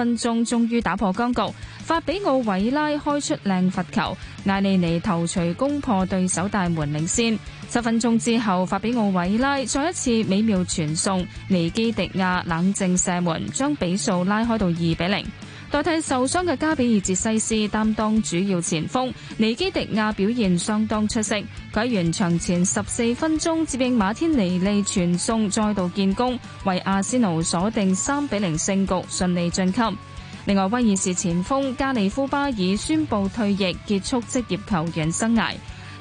代替受傷嘅加比爾捷西斯擔當主要前鋒，尼基迪亞表現相當出色。佢喺完場前十四分鐘，接應馬天尼利傳送，再度建功，為阿仙奴鎖定三比零勝局，順利晉級。另外，威爾士前鋒加利夫巴爾宣布退役，結束職業球員生涯。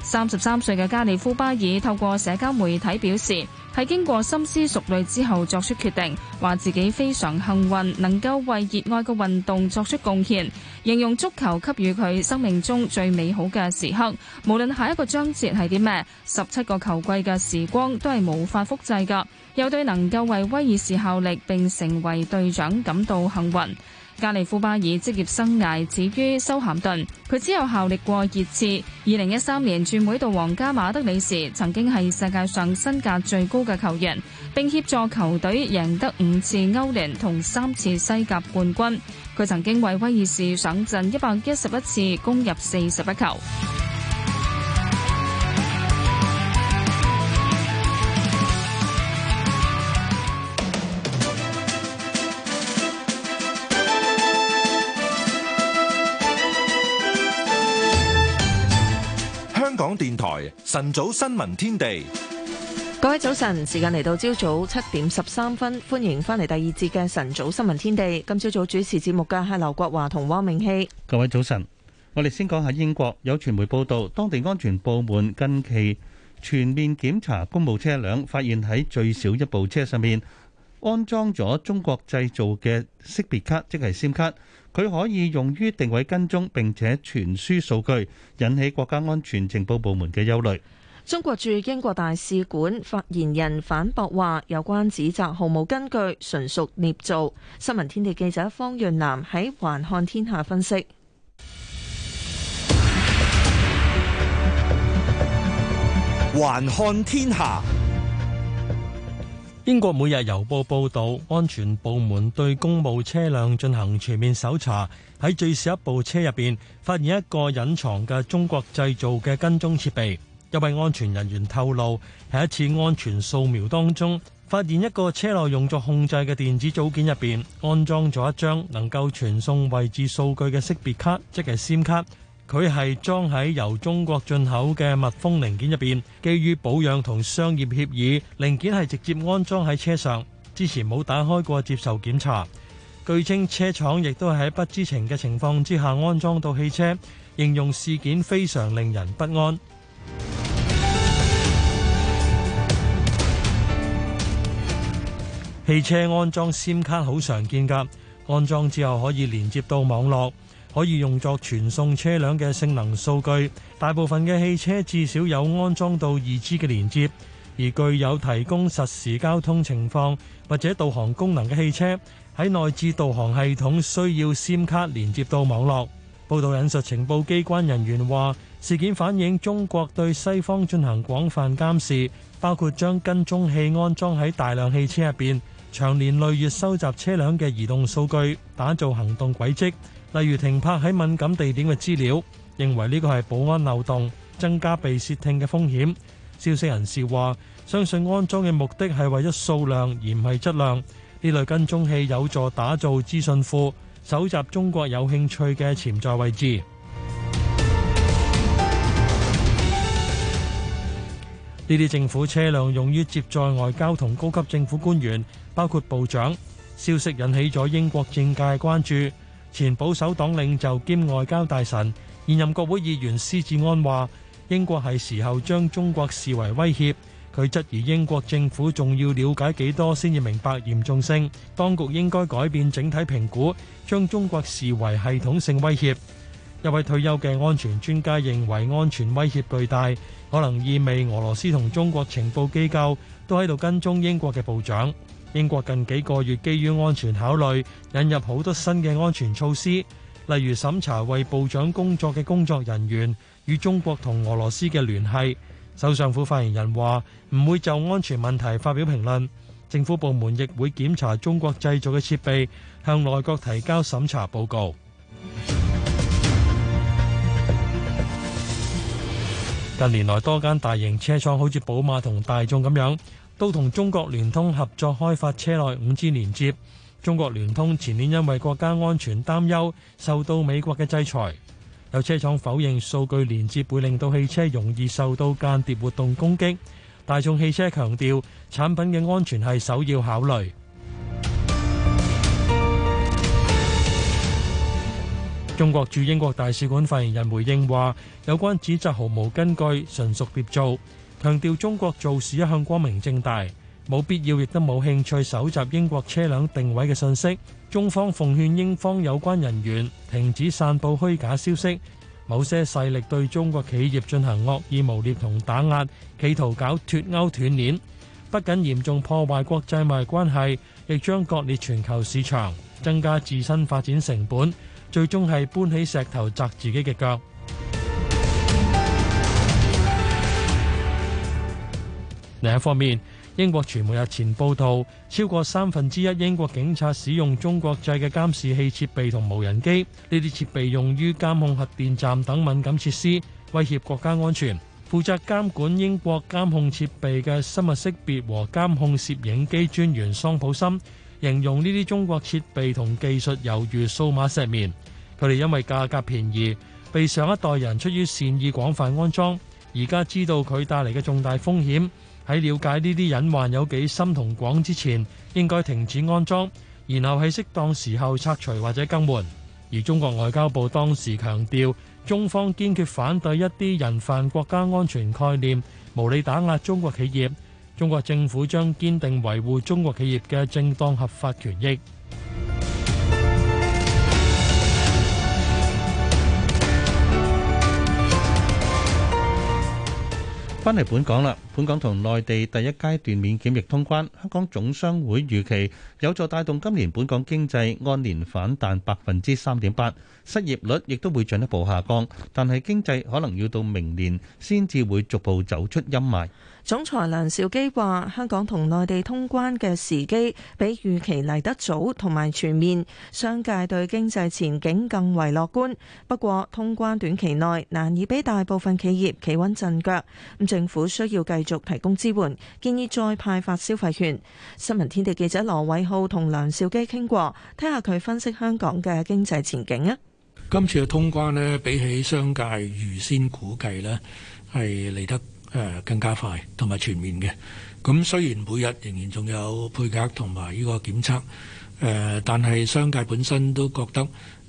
三十三歲嘅加利夫巴爾透過社交媒體表示，係經過深思熟慮之後作出決定，話自己非常幸運能夠為熱愛嘅運動作出貢獻，形容足球給予佢生命中最美好嘅時刻。無論下一個章節係啲咩，十七個球季嘅時光都係無法複製噶。又對能夠為威爾士效力並成為隊長感到幸運。加利夫巴爾職業生涯始於休咸頓，佢只有效力過熱刺。二零一三年轉會到皇家馬德里時，曾經係世界上身價最高嘅球員，並協助球隊贏得五次歐聯同三次西甲冠軍。佢曾經為威爾士上陣一百一十一次，攻入四十一球。晨早新聞天地，各位早晨，時間嚟到朝早七點十三分，歡迎翻嚟第二節嘅晨早新聞天地。今朝早主持節目嘅係劉國華同汪明希。各位早晨，我哋先講下英國有傳媒報道，當地安全部門近期全面檢查公務車輛，發現喺最少一部車上面安裝咗中國製造嘅識別卡，即係 SIM 卡。佢可以用於定位跟蹤，並且傳輸數據，引起國家安全情報部門嘅憂慮。中國駐英國大使館發言人反駁話：有關指責毫無根據，純屬捏造。新聞天地記者方潤南喺《橫看天下》分析，《橫看天下》。英國每日郵報報道，安全部門對公務車輛進行全面搜查，喺最少一部車入邊發現一個隱藏嘅中國製造嘅跟蹤設備。一位安全人員透露，喺一次安全掃描當中，發現一個車內用作控制嘅電子組件入邊安裝咗一張能夠傳送位置數據嘅識別卡，即係 SIM 卡。佢係裝喺由中國進口嘅密封零件入邊，基於保養同商業協議，零件係直接安裝喺車上，之前冇打開過接受檢查。據稱車廠亦都係喺不知情嘅情況之下安裝到汽車，形容事件非常令人不安。汽車安裝 SIM 卡好常見噶，安裝之後可以連接到網絡。可以用作傳送車輛嘅性能數據，大部分嘅汽車至少有安裝到二 G 嘅連接，而具有提供實時交通情況或者導航功能嘅汽車喺內置導航系統需要 SIM 卡連接到網絡。報道引述情報機關人員話，事件反映中國對西方進行廣泛監視，包括將跟蹤器安裝喺大量汽車入邊，長年累月收集車輛嘅移動數據，打造行動軌跡。例如停泊喺敏感地點嘅資料，認為呢個係保安漏洞，增加被竊聽嘅風險。消息人士話，相信安裝嘅目的係為咗數量而唔係質量。呢類跟蹤器有助打造資訊庫，搜集中國有興趣嘅潛在位置。呢啲政府車輛用於接載外交同高級政府官員，包括部長。消息引起咗英國政界關注。前保守黨領袖兼外交大臣，現任國會議員施志安話，英國係時候將中國視為威脅。佢質疑英國政府仲要了解幾多先至明白嚴重性，當局應該改變整體評估，將中國視為系統性威脅。一位退休嘅安全專家認為安全威脅巨大，可能意味着俄羅斯同中國情報機構都喺度跟蹤英國嘅部長。英國近幾個月基於安全考慮，引入好多新嘅安全措施，例如審查為部長工作嘅工作人員與中國同俄羅斯嘅聯繫。首相府發言人話唔會就安全問題發表評論。政府部門亦會檢查中國製造嘅設備，向內閣提交審查報告。近年來多間大型車廠好似寶馬同大眾咁樣，都同中國聯通合作開發車內五 G 連接。中國聯通前年因為國家安全擔憂受到美國嘅制裁。有車廠否認數據連接會令到汽車容易受到間諜活動攻擊。大眾汽車強調產品嘅安全係首要考慮。中國駐英國大使館發言人回應話：有關指責毫無根據，純屬捏造。強調中國做事一向光明正大，冇必要亦都冇興趣搜集英國車輛定位嘅信息。中方奉勸英方有關人員停止散布虛假消息。某些勢力對中國企業進行惡意污蔑同打壓，企圖搞脫歐斷鏈，不僅嚴重破壞國際貿易關係，亦將割裂全球市場，增加自身發展成本，最終係搬起石頭砸自己嘅腳。另一方面，英國傳媒日前報道，超過三分之一英國警察使用中國製嘅監視器設備同無人機。呢啲設備用於監控核電站等敏感設施，威脅國家安全。負責監管英國監控設備嘅生物識別和監控攝影機專員桑普森形容呢啲中國設備同技術猶如數碼石棉。佢哋因為價格便宜，被上一代人出於善意廣泛安裝，而家知道佢帶嚟嘅重大風險。喺了解呢啲隱患有幾深同廣之前，應該停止安裝，然後喺適當時候拆除或者更換。而中國外交部當時強調，中方堅決反對一啲人犯國家安全概念，無理打壓中國企業。中國政府將堅定維護中國企業嘅正當合法權益。翻嚟本港啦！本港同內地第一階段免檢疫通關，香港總商會預期有助帶動今年本港經濟按年反彈百分之三點八，失業率亦都會進一步下降。但係經濟可能要到明年先至會逐步走出陰霾。總裁梁兆基話：香港同內地通關嘅時機比預期嚟得早，同埋全面，商界對經濟前景更為樂觀。不過通關短期內難以俾大部分企業企穩陣腳，政府需要繼續提供支援，建議再派發消費券。新聞天地記者羅偉浩同梁兆基傾過，聽下佢分析香港嘅經濟前景啊。今次嘅通關呢，比起商界預先估計呢係嚟得。誒更加快同埋全面嘅，咁雖然每日仍然仲有配額同埋呢個檢測，誒、呃，但係商界本身都覺得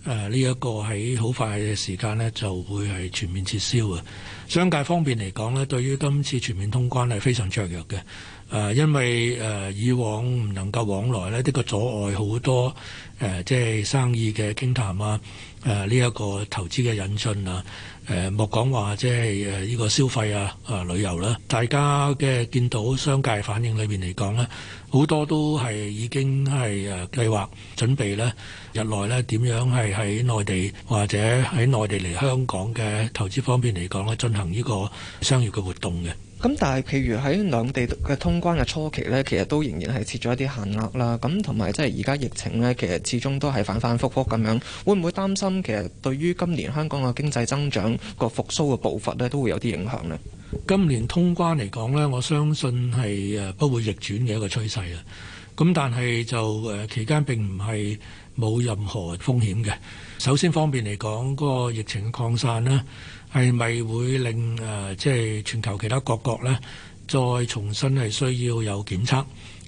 誒呢一個喺好快嘅時間呢就會係全面撤銷嘅。商界方面嚟講呢，對於今次全面通關係非常雀躍嘅，誒、呃，因為誒、呃、以往唔能夠往來呢，呢個阻礙好多誒、呃，即係生意嘅傾談啊，誒、呃，呢、這、一個投資嘅引進啊。誒莫講話，即係誒呢個消費啊、呃、旅遊啊、旅遊啦，大家嘅見到商界反應裏面嚟講咧，好多都係已經係誒計劃準備咧呢。日內呢點樣係喺內地或者喺內地嚟香港嘅投資方面嚟講，去進行呢個商業嘅活動嘅。咁但係譬如喺兩地嘅通關嘅初期呢，其實都仍然係設咗一啲限額啦。咁同埋即係而家疫情呢，其實始終都係反反覆覆咁樣。會唔會擔心其實對於今年香港嘅經濟增長個復甦嘅步伐呢，都會有啲影響呢？今年通關嚟講呢，我相信係誒不會逆轉嘅一個趨勢啊。咁但係就誒期間並唔係冇任何風險嘅。首先方面嚟講，嗰個疫情擴散啦。係咪會令誒即係全球其他各國呢，再重新係需要有檢測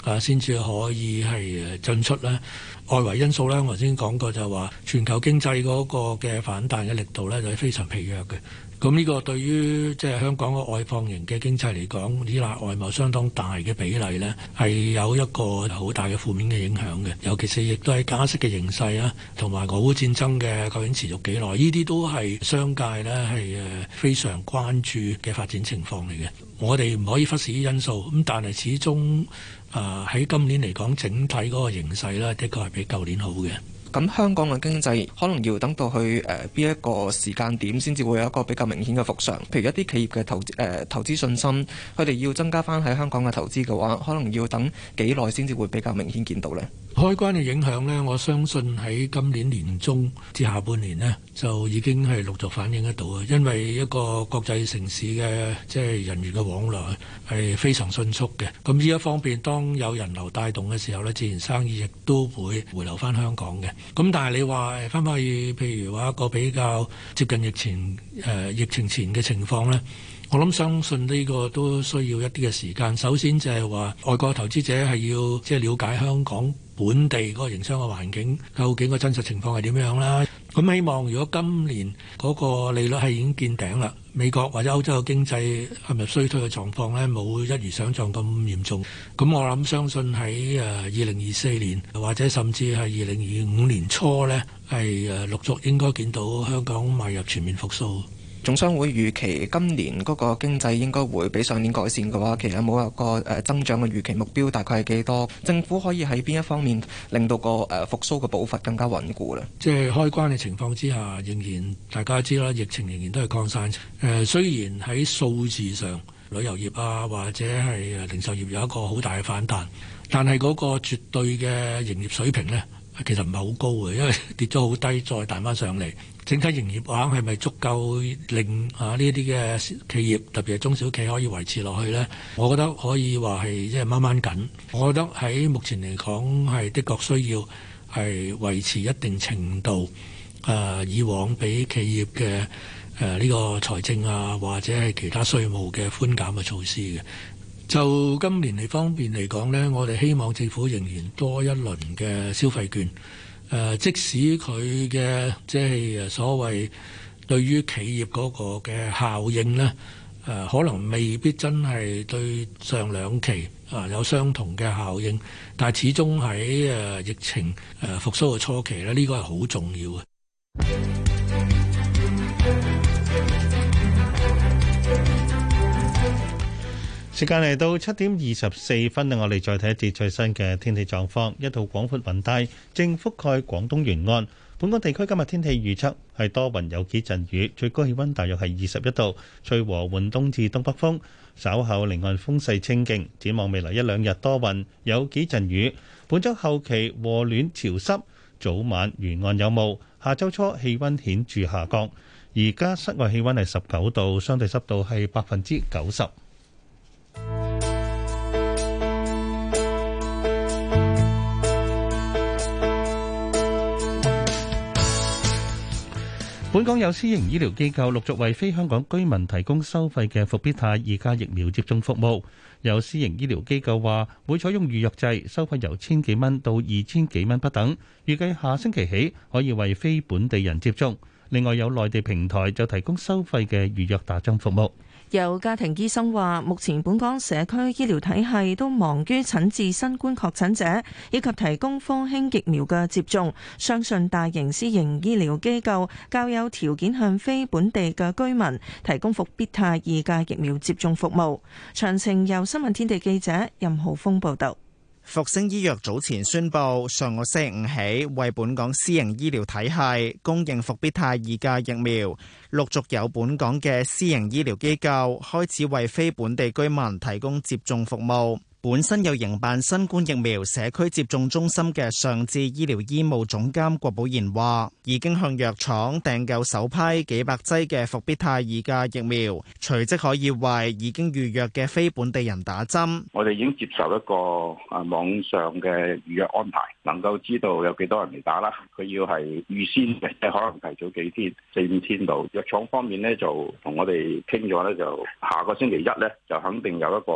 啊，先至可以係進出呢？外圍因素呢，我頭先講過就話，全球經濟嗰個嘅反彈嘅力度呢，就係非常疲弱嘅。咁呢個對於即係香港個外放型嘅經濟嚟講，依賴外貿相當大嘅比例咧，係有一個好大嘅負面嘅影響嘅。尤其是亦都係加息嘅形勢啊，同埋俄烏戰爭嘅究竟持續幾耐，呢啲都係商界咧係誒非常關注嘅發展情況嚟嘅。我哋唔可以忽視呢啲因素。咁但係始終啊喺今年嚟講，整體嗰個形勢咧，的確係比舊年好嘅。咁香港嘅經濟可能要等到去誒邊、呃、一個時間點先至會有一個比較明顯嘅復常，譬如一啲企業嘅投誒、呃、投資信心，佢哋要增加翻喺香港嘅投資嘅話，可能要等幾耐先至會比較明顯見到咧。開關嘅影響呢，我相信喺今年年中至下半年呢，就已經係陸續反映得到嘅。因為一個國際城市嘅即係人員嘅往來係非常迅速嘅。咁呢一方面，當有人流帶動嘅時候呢，自然生意亦都會回流翻香港嘅。咁但係你話翻翻去，譬如話一個比較接近疫情誒、呃、疫情前嘅情況呢，我諗相信呢個都需要一啲嘅時間。首先就係話外國投資者係要即係了解香港。本地嗰個營商嘅環境究竟個真實情況係點樣啦？咁希望如果今年嗰個利率係已經見頂啦，美國或者歐洲嘅經濟陷入衰退嘅狀況呢，冇一如想像咁嚴重。咁我諗相信喺誒二零二四年或者甚至係二零二五年初呢，係誒陸續應該見到香港邁入全面復甦。總商會預期今年嗰個經濟應該會比上年改善嘅話，其實冇一個誒增長嘅預期目標，大概係幾多？政府可以喺邊一方面令到個誒復甦嘅步伐更加穩固呢？即係開關嘅情況之下，仍然大家知啦，疫情仍然都係擴散。誒、呃，雖然喺數字上，旅遊業啊或者係零售業有一個好大嘅反彈，但係嗰個絕對嘅營業水平呢，其實唔係好高嘅，因為跌咗好低再彈翻上嚟，整體營業額係咪足夠令啊呢啲嘅企業特別係中小企可以維持落去呢？我覺得可以話係即係掹掹緊。我覺得喺目前嚟講係的確需要係維持一定程度啊以往俾企業嘅誒呢個財政啊或者係其他稅務嘅寬減嘅措施嘅。就今年嚟方面嚟講，呢我哋希望政府仍然多一輪嘅消費券。呃、即使佢嘅即係所謂對於企業嗰個嘅效應呢、呃，可能未必真係對上兩期啊、呃、有相同嘅效應，但係始終喺、呃、疫情復蘇嘅初期呢，呢、呢個係好重要嘅。時間嚟到七點二十四分啊，我哋再睇一節最新嘅天氣狀況。一道廣闊雲帶正覆蓋廣東沿岸。本港地區今日天、天氣預測係多雲有幾陣雨，最高氣温大約係二十一度，吹和緩東至東北風，稍後離岸風勢清勁。展望未來一兩日多雲有幾陣雨。本週後期和暖潮濕，早晚沿岸有霧。下周初氣温顯著下降。而家室外氣温係十九度，相對濕度係百分之九十。本港有私營醫療機構陸續為非香港居民提供收費嘅復必泰二價疫苗接種服務。有私營醫療機構話會採用預約制，收費由千幾蚊到二千幾蚊不等。預計下星期起可以為非本地人接種。另外有內地平台就提供收費嘅預約打針服務。有家庭醫生話，目前本港社區醫療體系都忙於診治新冠確診者，以及提供科興疫苗嘅接種。相信大型私營醫療機構較有條件向非本地嘅居民提供復必泰二價疫苗接種服務。詳情由新聞天地記者任浩峰報道。復星醫藥早前宣佈，上個星期五起為本港私營醫療體系供應復必泰二價疫苗，陸續有本港嘅私營醫療機構開始為非本地居民提供接種服務。本身有營辦新冠疫苗社區接種中心嘅上智醫療醫務總監郭寶賢話，已經向藥廠訂購首批幾百劑嘅伏必泰二價疫苗，隨即可以為已經預約嘅非本地人打針。我哋已經接受一個啊網上嘅預約安排，能夠知道有幾多人嚟打啦。佢要係預先嘅，係可能提早幾天、四五天度。藥廠方面呢，就同我哋傾咗咧，就下個星期一咧就肯定有一個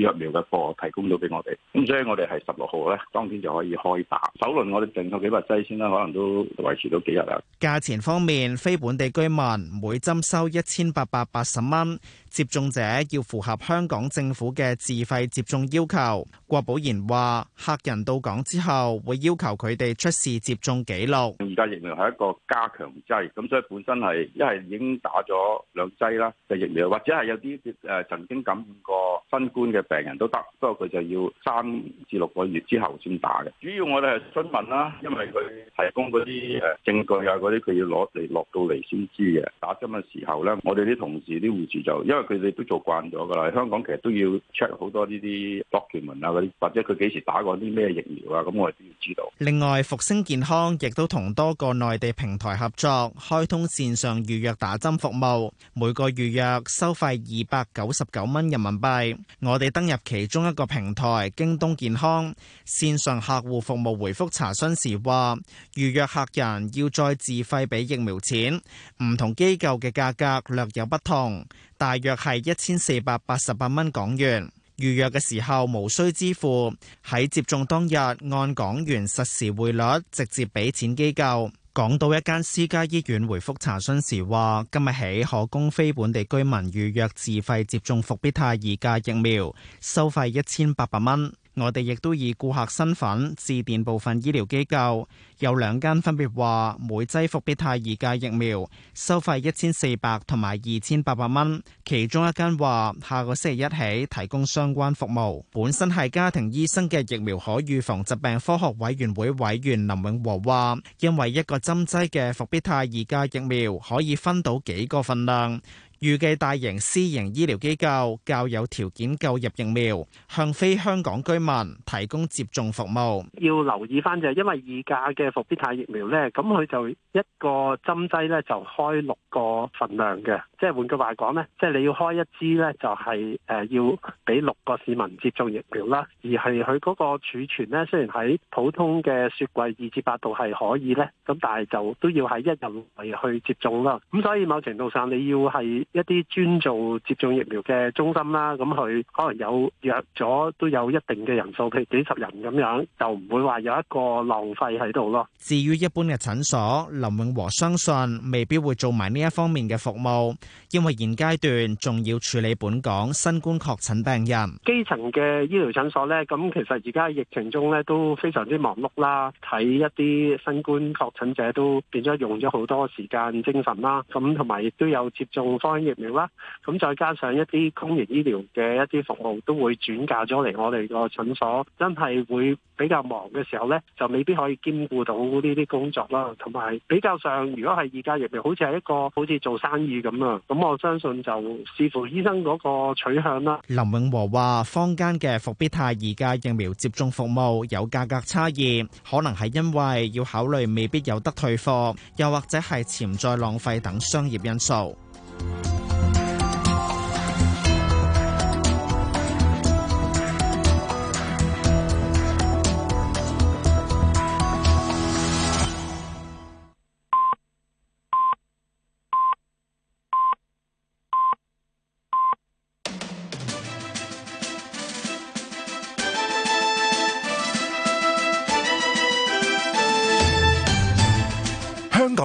疫苗嘅課。提供到俾我哋，咁所以我哋係十六號咧當天就可以開打。首輪我哋訂購幾百劑先啦，可能都維持到幾日啦。價錢方面，非本地居民每針收一千八百八十蚊。接種者要符合香港政府嘅自費接種要求。郭保賢話：客人到港之後，會要求佢哋出示接種記錄。而家疫苗係一個加強劑，咁所以本身係因為已經打咗兩劑啦嘅、就係、疫苗，或者係有啲誒曾經感染過新冠嘅病人都得，不過佢就要三至六個月之後先打嘅。主要我哋係詢問啦，因為佢提供嗰啲誒證據啊嗰啲，佢要攞嚟落到嚟先知嘅。打針嘅時候咧，我哋啲同事啲護士就因為佢哋都做慣咗噶啦。香港其實都要 check 好多呢啲 document 啊，嗰啲或者佢幾時打過啲咩疫苗啊？咁我哋都要知道。另外，復星健康亦都同多個內地平台合作，開通線上預約打針服務，每個預約收費二百九十九蚊人民幣，我哋登入其中一個平台，京東健康線上客戶服務回覆查詢時話，預約客人要再自費俾疫苗錢，唔同機構嘅價格略有不同。大約係一千四百八十八蚊港元，預約嘅時候無需支付，喺接種當日按港元實時匯率直接俾錢機構。港島一間私家醫院回覆查詢時話，今日起可供非本地居民預約自費接種復必泰二價疫苗，收費一千八百蚊。我哋亦都以顧客身份致電部分醫療機構，有兩間分別話每劑復必泰二價疫苗收費一千四百同埋二千八百蚊，其中一間話下個星期一起提供相關服務。本身係家庭醫生嘅疫苗可預防疾病科學委員會委員林永和話，因為一個針劑嘅復必泰二價疫苗可以分到幾個份量。預計大型私營醫療機構較有條件購入疫苗，向非香港居民提供接種服務。要留意返就係，因為二價嘅伏必泰疫苗呢，咁佢就一個針劑呢，就開六個份量嘅。即係換句話講咧，即係你要開一支咧，就係誒要俾六個市民接種疫苗啦。而係佢嗰個儲存咧，雖然喺普通嘅雪櫃二至八度係可以咧，咁但係就都要係一人嚟去接種啦。咁所以某程度上，你要係一啲專做接種疫苗嘅中心啦，咁佢可能有約咗都有一定嘅人數，譬如幾十人咁樣，就唔會話有一個浪費喺度咯。至於一般嘅診所，林永和相信未必會做埋呢一方面嘅服務。因為現階段仲要處理本港新冠確診病人，基層嘅醫療診所咧，咁其實而家疫情中咧都非常之忙碌啦，睇一啲新冠確診者都變咗用咗好多時間精神啦。咁同埋亦都有接種科興疫苗啦。咁再加上一啲公營醫療嘅一啲服務都會轉嫁咗嚟我哋個診所，真係會比較忙嘅時候咧，就未必可以兼顧到呢啲工作啦。同埋比較上，如果係二價疫苗，好似係一個好似做生意咁啊。咁我相信就視乎醫生嗰個取向啦。林永和話，坊間嘅復必泰二價疫苗接種服務有價格差異，可能係因為要考慮未必有得退貨，又或者係潛在浪費等商業因素。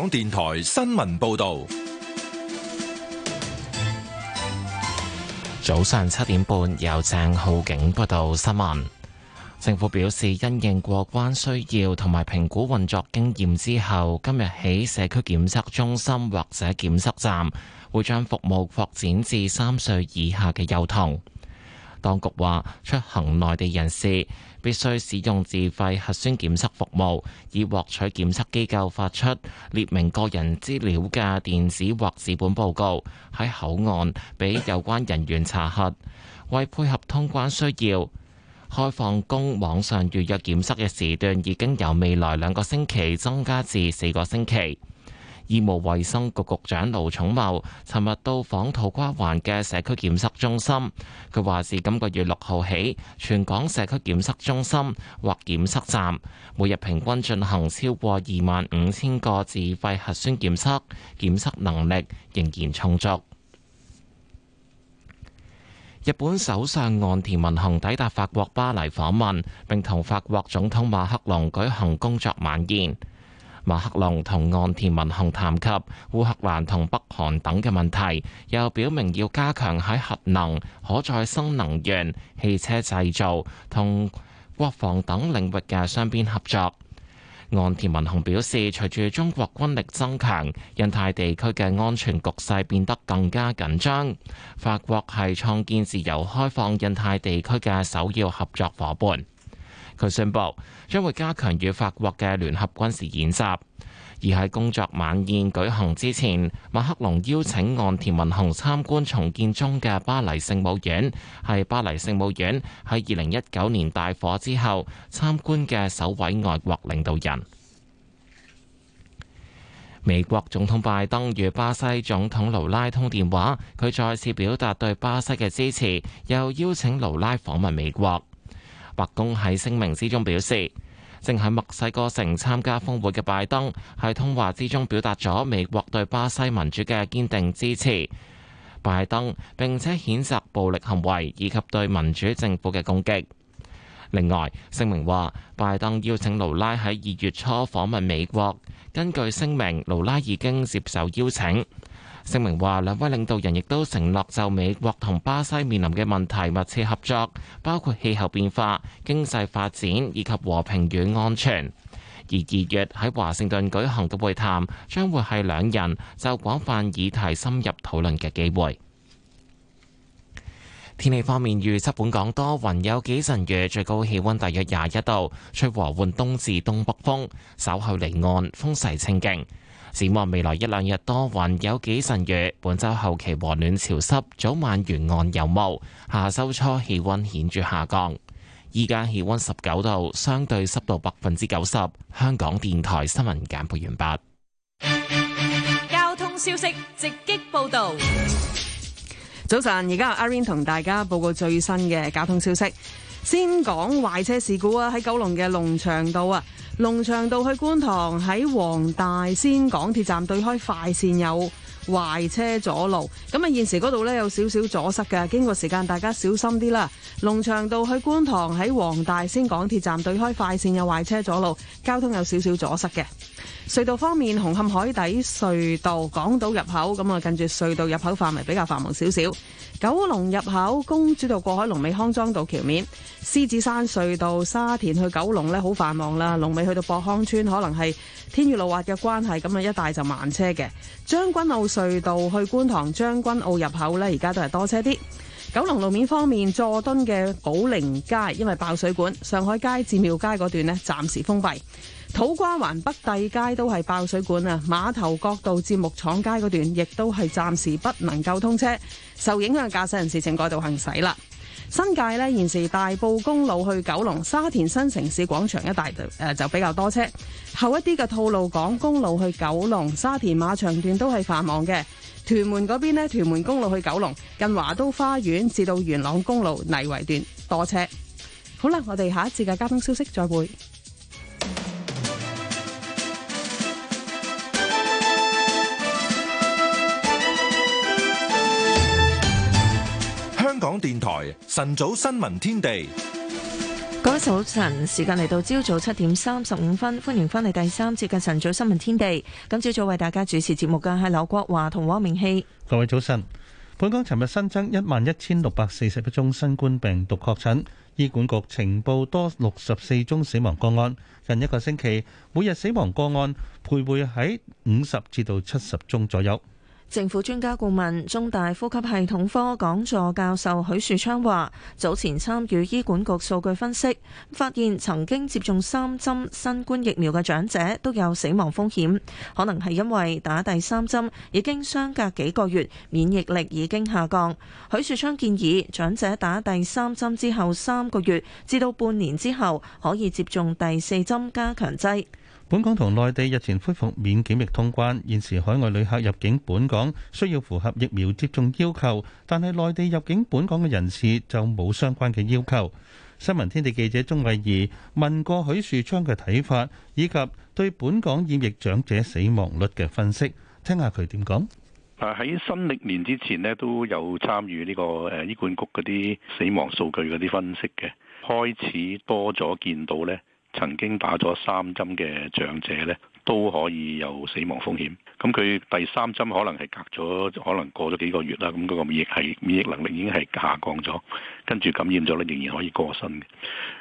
電台新聞報道：早上七點半，由鄭浩景報道新聞。政府表示，因應過關需要同埋評估運作經驗之後，今日起社區檢測中心或者檢測站會將服務擴展至三歲以下嘅幼童。當局話，出行內地人士，必須使用自費核酸檢測服務，以獲取檢測機構發出列明個人資料嘅電子或紙本報告，喺口岸俾有關人員查核。為配合通關需要，開放供網上預約檢測嘅時段，已經由未來兩個星期增加至四個星期。醫務衛生局局長盧寵茂尋日到訪土瓜灣嘅社區檢測中心，佢話自今個月六號起，全港社區檢測中心或檢測站每日平均進行超過二萬五千個自費核酸檢測，檢測能力仍然充足。日本首相岸田文雄抵達法國巴黎訪問，並同法國總統馬克龍舉行工作晚宴。馬克龍同岸田文雄談及烏克蘭同北韓等嘅問題，又表明要加強喺核能、可再生能源、汽車製造同國防等領域嘅雙邊合作。岸田文雄表示，隨住中國軍力增強，印太地區嘅安全局勢變得更加緊張。法國係創建自由開放印太地區嘅首要合作夥伴。佢宣布將會加強與法國嘅聯合軍事演習，而喺工作晚宴舉行之前，馬克龍邀請岸田文雄參觀重建中嘅巴黎聖母院，係巴黎聖母院喺二零一九年大火之後參觀嘅首位外國領導人。美國總統拜登與巴西總統盧拉通電話，佢再次表達對巴西嘅支持，又邀請盧拉訪問美國。白宮喺聲明之中表示，正喺墨西哥城參加峰會嘅拜登喺通話之中表達咗美國對巴西民主嘅堅定支持，拜登並且譴責暴力行為以及對民主政府嘅攻擊。另外，聲明話拜登邀請盧拉喺二月初訪問美國。根據聲明，盧拉已經接受邀請。聲明話，兩位領導人亦都承諾就美國同巴西面臨嘅問題密切合作，包括氣候變化、經濟發展以及和平與安全。而二月喺華盛頓舉行嘅會談，將會係兩人就廣泛議題深入討論嘅機會。天氣方面預測，本港多雲有幾陣雨，最高氣温大約廿一度，吹和緩東至東北風，稍後離岸風勢清勁。展望未來一兩日多雲，有幾陣雨。本周後期和暖潮濕，早晚沿岸有霧。下周初氣溫顯著下降。依家氣溫十九度，相對濕度百分之九十。香港電台新聞簡報完畢。交通消息直擊報道。早晨，而家阿 rain 同大家報告最新嘅交通消息。先講壞車事故啊！喺九龍嘅農場道啊。龍翔道去觀塘喺黃大仙港鐵站對開快線有壞車阻路，咁啊現時嗰度呢有少少阻塞嘅，經過時間大家小心啲啦。龍翔道去觀塘喺黃大仙港鐵站對開快線有壞車阻路，交通有少少阻塞嘅。隧道方面，紅磡海底隧道港島入口咁啊，近住隧道入口範圍比較繁忙少少。九龍入口公主道過海、龍尾康莊道橋面、獅子山隧道沙田去九龍咧，好繁忙啦。龍尾去到博康村，可能係天雨路滑嘅關係，咁啊一帶就慢車嘅。將軍澳隧道去觀塘將軍澳入口咧，而家都係多車啲。九龍路面方面，佐敦嘅寶靈街因為爆水管，上海街至廟街嗰段咧暫時封閉。土瓜灣北帝街都係爆水管啊，馬頭角道至木廠街嗰段亦都係暫時不能夠通車，受影響駕駛人士請改道行駛啦。新界呢，現時大埔公路去九龍沙田新城市廣場一帶就，呃、就比較多車，後一啲嘅吐露港公路去九龍沙田馬場段都係繁忙嘅。屯門嗰邊呢，屯門公路去九龍近華都花園至到元朗公路泥圍段多車。好啦，我哋下一節嘅交通消息再會。電台晨早新聞天地，各位早晨，時間嚟到朝早七點三十五分，歡迎翻嚟第三節嘅晨早新聞天地。今朝早為大家主持節目嘅係劉國華同汪明熙。各位早晨，本港尋日新增一萬一千六百四十一宗新冠病毒確診，醫管局情報多六十四宗死亡個案。近一個星期，每日死亡個案徘徊喺五十至到七十宗左右。政府專家顧問、中大呼吸系統科講座教授許樹昌話：早前參與醫管局數據分析，發現曾經接種三針新冠疫苗嘅長者都有死亡風險，可能係因為打第三針已經相隔幾個月，免疫力已經下降。許樹昌建議長者打第三針之後三個月至到半年之後，可以接種第四針加強劑。本港同內地日前恢復免檢疫通關，現時海外旅客入境本港需要符合疫苗接種要求，但係內地入境本港嘅人士就冇相關嘅要求。新聞天地記者鍾慧儀問過許樹昌嘅睇法，以及對本港染疫長者死亡率嘅分析，聽下佢點講。啊，喺新曆年之前呢都有參與呢個誒醫管局嗰啲死亡數據嗰啲分析嘅，開始多咗見到呢。曾經打咗三針嘅長者呢，都可以有死亡風險。咁佢第三針可能係隔咗，可能過咗幾個月啦。咁嗰個免疫係免疫能力已經係下降咗。跟住感染咗咧，仍然可以過身嘅。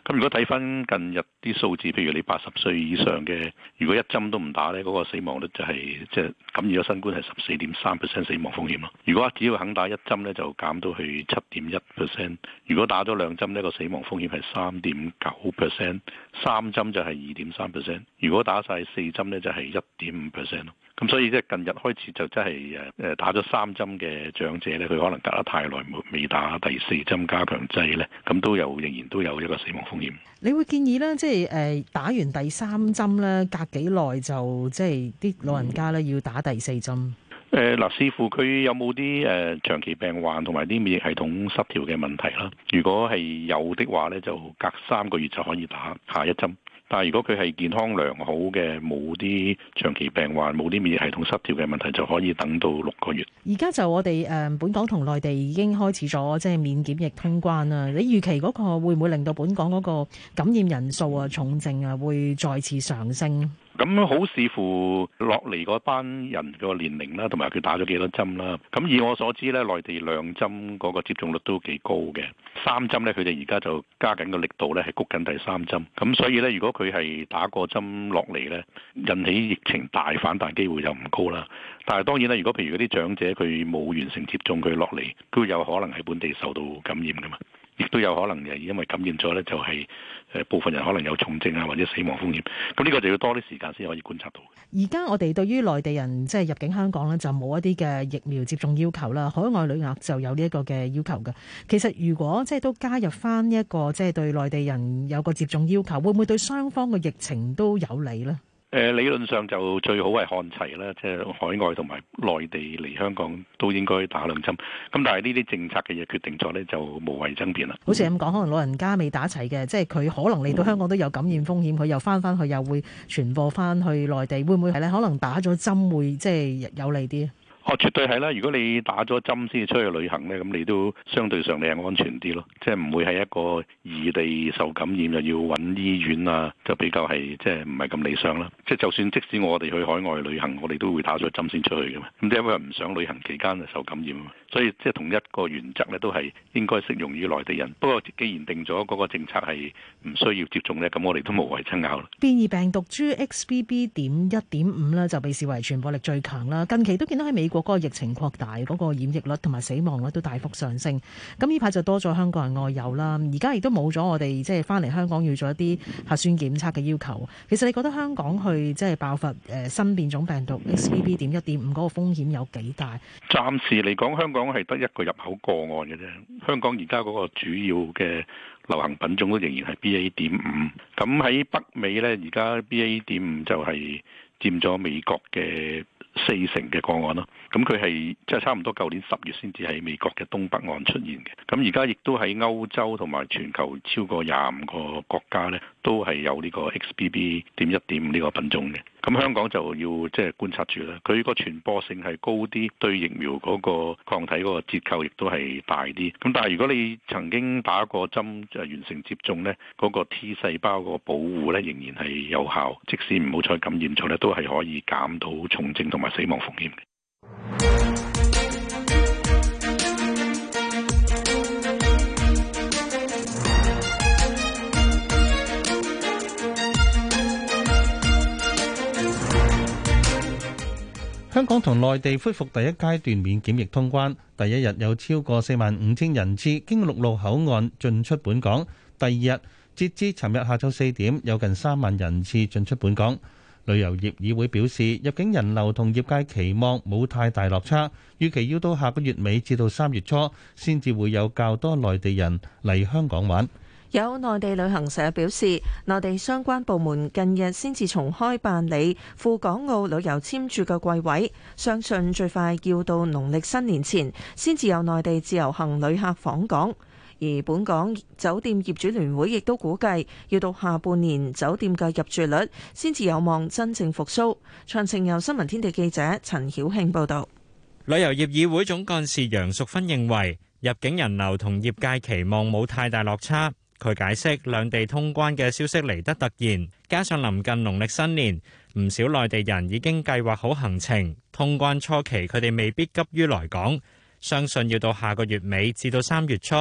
咁如果睇翻近日啲數字，譬如你八十歲以上嘅，如果一針都唔打呢嗰、那個死亡率就係、是、即係感染咗新冠係十四點三 percent 死亡風險咯。如果只要肯打一針呢，就減到去七點一 percent。如果打咗兩針呢、那個死亡風險係三點九 percent。三針就係二點三 percent。如果打晒四針呢，就係一點五 percent 咯。咁所以即係近日開始就真係誒誒打咗三針嘅長者咧，佢可能隔得太耐未打第四針加強劑咧，咁都有仍然都有一個死亡風險。你會建議咧，即係誒打完第三針咧，隔幾耐就即係啲老人家咧要打第四針？誒嗱，視乎佢有冇啲誒長期病患同埋啲免疫系統失調嘅問題啦。如果係有的話咧，就隔三個月就可以打下一針。但係如果佢係健康良好嘅，冇啲長期病患，冇啲免疫系統失調嘅問題，就可以等到六個月。而家就我哋誒本港同內地已經開始咗即係免檢疫通關啦。你預期嗰個會唔會令到本港嗰個感染人數啊、重症啊會再次上升？咁好視乎落嚟嗰班人個年齡啦，同埋佢打咗幾多針啦。咁以我所知咧，內地兩針嗰個接種率都幾高嘅，三針咧佢哋而家就加緊個力度咧，係焗緊第三針。咁所以咧，如果佢係打過針落嚟咧，引起疫情大反彈機會就唔高啦。但係當然啦，如果譬如嗰啲長者佢冇完成接種，佢落嚟都有可能喺本地受到感染噶嘛，亦都有可能就係因為感染咗咧就係、是。誒部分人可能有重症啊，或者死亡風險，咁呢個就要多啲時間先可以觀察到。而家我哋對於內地人即係入境香港咧，就冇一啲嘅疫苗接種要求，啦。海外旅客就有呢一個嘅要求嘅。其實如果即係都加入翻一個即係對內地人有個接種要求，會唔會對雙方嘅疫情都有利咧？誒理論上就最好係看齊啦，即係海外同埋內地嚟香港都應該打兩針。咁但係呢啲政策嘅嘢決定咗咧，就無謂爭辯啦。好似咁講，可能老人家未打齊嘅，即係佢可能嚟到香港都有感染風險，佢又返返去又會傳播返去內地，會唔會係咧？可能打咗針會即係有利啲。哦，絕對係啦！如果你打咗針先至出去旅行咧，咁你都相對上你係安全啲咯，即係唔會係一個異地受感染又要揾醫院啊，就比較係即係唔係咁理想啦。即係就算即使我哋去海外旅行，我哋都會打咗針先出去嘅嘛。咁因為唔想旅行期間受感染，所以即係同一個原則咧，都係應該適用於內地人。不過既然定咗嗰個政策係唔需要接種咧，咁我哋都冇謂爭拗啦。變異病毒 G X B B 點一點五咧就被視為傳播力最強啦。近期都見到喺美國。個疫情擴大，嗰、嗰個染疫率同埋死亡率都大幅上升。咁呢排就多咗香港人外遊啦，而家亦都冇咗我哋即係翻嚟香港要咗一啲核酸檢測嘅要求。其實你覺得香港去即係、就是、爆發誒新變種病毒 XBB 點一點五嗰個風險有幾大？暫時嚟講，香港係得一個入口個案嘅啫。香港而家嗰個主要嘅流行品種都仍然係 BA 點五。咁喺北美呢，而家 BA 點五就係佔咗美國嘅。四成嘅個案咯，咁佢係即係差唔多舊年十月先至喺美國嘅東北岸出現嘅，咁而家亦都喺歐洲同埋全球超過廿五個國家咧。都係有呢個 XBB 點一點五呢個品種嘅，咁香港就要即係觀察住啦。佢個傳播性係高啲，對疫苗嗰個抗體嗰個折扣亦都係大啲。咁但係如果你曾經打過針，即係完成接種呢，嗰個 T 細胞個保護呢，仍然係有效，即使唔好彩感染咗呢，都係可以減到重症同埋死亡風險嘅。香港同內地恢復第一階段免檢疫通關，第一日有超過四萬五千人次經陸路口岸進出本港。第二日截至尋日下晝四點，有近三萬人次進出本港。旅遊業議會表示，入境人流同業界期望冇太大落差，預期要到下個月尾至到三月初，先至會有較多內地人嚟香港玩。有內地旅行社表示，內地相關部門近日先至重開辦理赴港澳旅遊簽注嘅櫃位，相信最快要到農曆新年前先至有內地自由行旅客訪港。而本港酒店業主聯會亦都估計，要到下半年酒店嘅入住率先至有望真正復甦。詳情由新聞天地記者陳曉慶報道。旅遊業議會總幹事楊淑芬認為，入境人流同業界期望冇太大落差。佢解釋，兩地通關嘅消息嚟得突然，加上臨近農曆新年，唔少內地人已經計劃好行程。通關初期，佢哋未必急於來港，相信要到下個月尾至到三月初。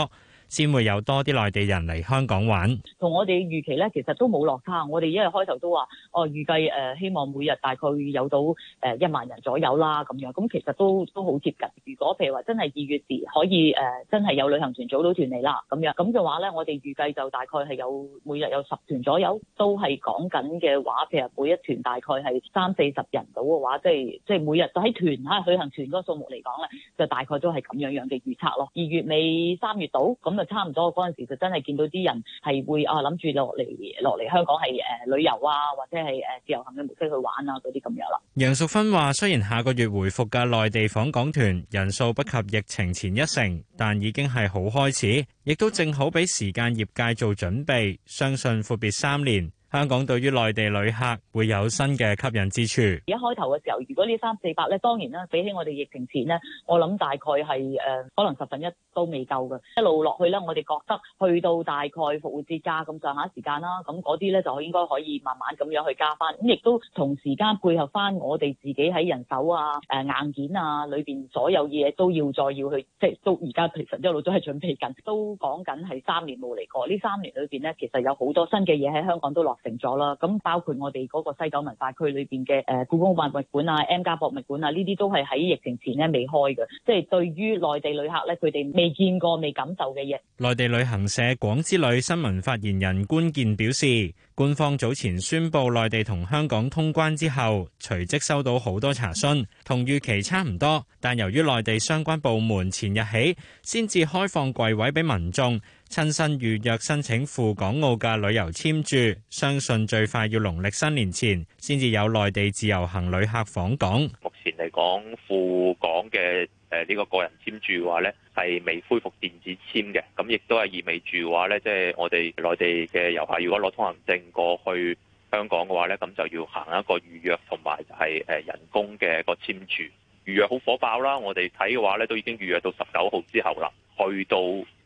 先會有多啲內地人嚟香港玩，同我哋預期咧、哦，其實都冇落差。我哋因為開頭都話，哦預計誒希望每日大概有到誒一萬人左右啦咁樣。咁其實都都好接近。如果譬如話真係二月時可以誒、呃、真係有旅行團組到團嚟啦咁樣，咁嘅話咧，我哋預計就大概係有每日有十團左右，都係講緊嘅話，譬如每一團大概係三四十人到嘅話，即係即係每日喺團嚇旅行團嗰個數目嚟講咧，就大概都係咁樣預測樣嘅預測咯。二月尾三月到咁。差唔多嗰陣時，就真係見到啲人係會啊諗住落嚟落嚟香港係誒、呃、旅遊啊，或者係誒、呃、自由行嘅模式去玩啊嗰啲咁樣啦。楊淑芬話：雖然下個月回復嘅內地訪港團人數不及疫情前一成，但已經係好開始，亦都正好俾時間業界做準備，相信闊別三年。香港對於內地旅客會有新嘅吸引之處。而一開頭嘅時候，如果呢三四百咧，當然啦，比起我哋疫情前咧，我諗大概係誒、呃、可能十分一都未夠嘅。一路落去咧，我哋覺得去到大概復活節假咁上下時間啦，咁嗰啲咧就應該可以慢慢咁樣去加翻。咁亦都同時間配合翻我哋自己喺人手啊、誒、呃、硬件啊裏邊所有嘢都要再要去，即係都而家其實一路都係準備緊，都講緊係三年冇嚟過。呢三年裏邊咧，其實有好多新嘅嘢喺香港都落成咗啦，咁包括我哋嗰個西九文化區裏邊嘅誒故宮博物館啊、M 家博物館啊，呢啲都係喺疫情前咧未開嘅，即係對於內地旅客咧，佢哋未見過未感受嘅嘢。內地旅行社廣之旅新聞發言人官健表示，官方早前宣布內地同香港通關之後，隨即收到好多查詢同預期差唔多，但由於內地相關部門前日起先至開放櫃位俾民眾，親身預約申請赴港澳嘅旅遊簽注，相信最快要農曆新年前先至有內地自由行旅客訪港。目前嚟講，赴港嘅誒呢個個人簽注嘅話咧，係未恢復電子簽嘅，咁亦都係意味住話咧，即係我哋內地嘅遊客如果攞通行證過去香港嘅話咧，咁就要行一個預約同埋係誒人工嘅個簽注。預約好火爆啦，我哋睇嘅話咧都已經預約到十九號之後啦，去到。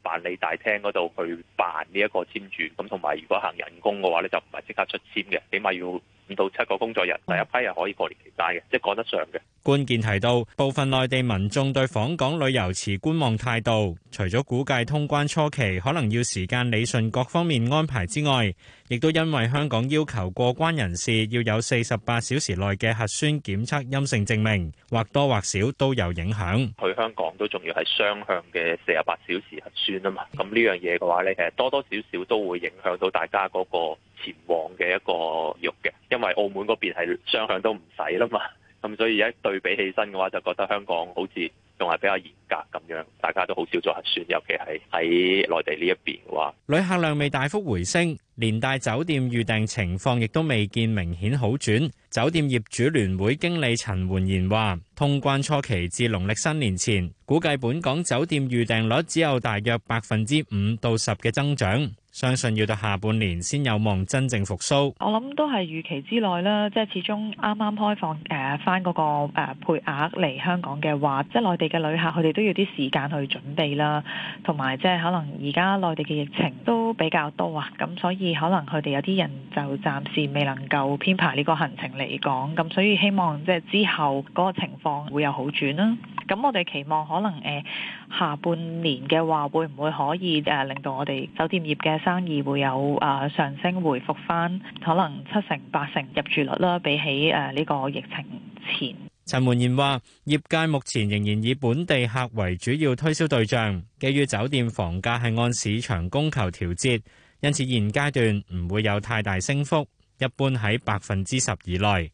辦理大廳嗰度去辦呢一個簽注，咁同埋如果行人工嘅話咧，就唔係即刻出簽嘅，起碼要。五到七個工作日，第一批係可以過年期間嘅，即係趕得上嘅。關鍵提到部分內地民眾對訪港旅遊持觀望態度，除咗估計通關初期可能要時間理順各方面安排之外，亦都因為香港要求過關人士要有四十八小時內嘅核酸檢測陰性證明，或多或少都有影響。去香港都仲要係雙向嘅四十八小時核酸啊嘛，咁呢樣嘢嘅話咧，誒，多多少少都會影響到大家嗰個。前往嘅一個慾嘅，因為澳門嗰邊係雙向都唔使啦嘛，咁所以一對比起身嘅話就覺得香港好似仲係比較嚴格咁樣，大家都好少做核酸，尤其係喺內地呢一邊嘅話，旅客量未大幅回升，連帶酒店預訂情況亦都未見明顯好轉。酒店業主聯會經理陳煥賢話，通關初期至農曆新年前，估計本港酒店預訂率只有大約百分之五到十嘅增長。相信要到下半年先有望真正復甦，我諗都係預期之內啦，即係始終啱啱開放誒翻嗰個誒配額嚟香港嘅話，即係內地嘅旅客佢哋都要啲時間去準備啦，同埋即係可能而家內地嘅疫情都比較多啊，咁所以可能佢哋有啲人就暫時未能夠編排呢個行程嚟講，咁所以希望即係之後嗰個情況會有好轉啦。咁我哋期望可能誒。 下半年嘅話，會唔會可以誒、呃、令到我哋酒店業嘅生意會有啊、呃、上升回復翻，可能七成八成入住率啦，比起誒呢、呃這個疫情前。陳煥賢話：業界目前仍然以本地客為主要推銷對象，基於酒店房價係按市場供求調節，因此現階段唔會有太大升幅，一般喺百分之十以內。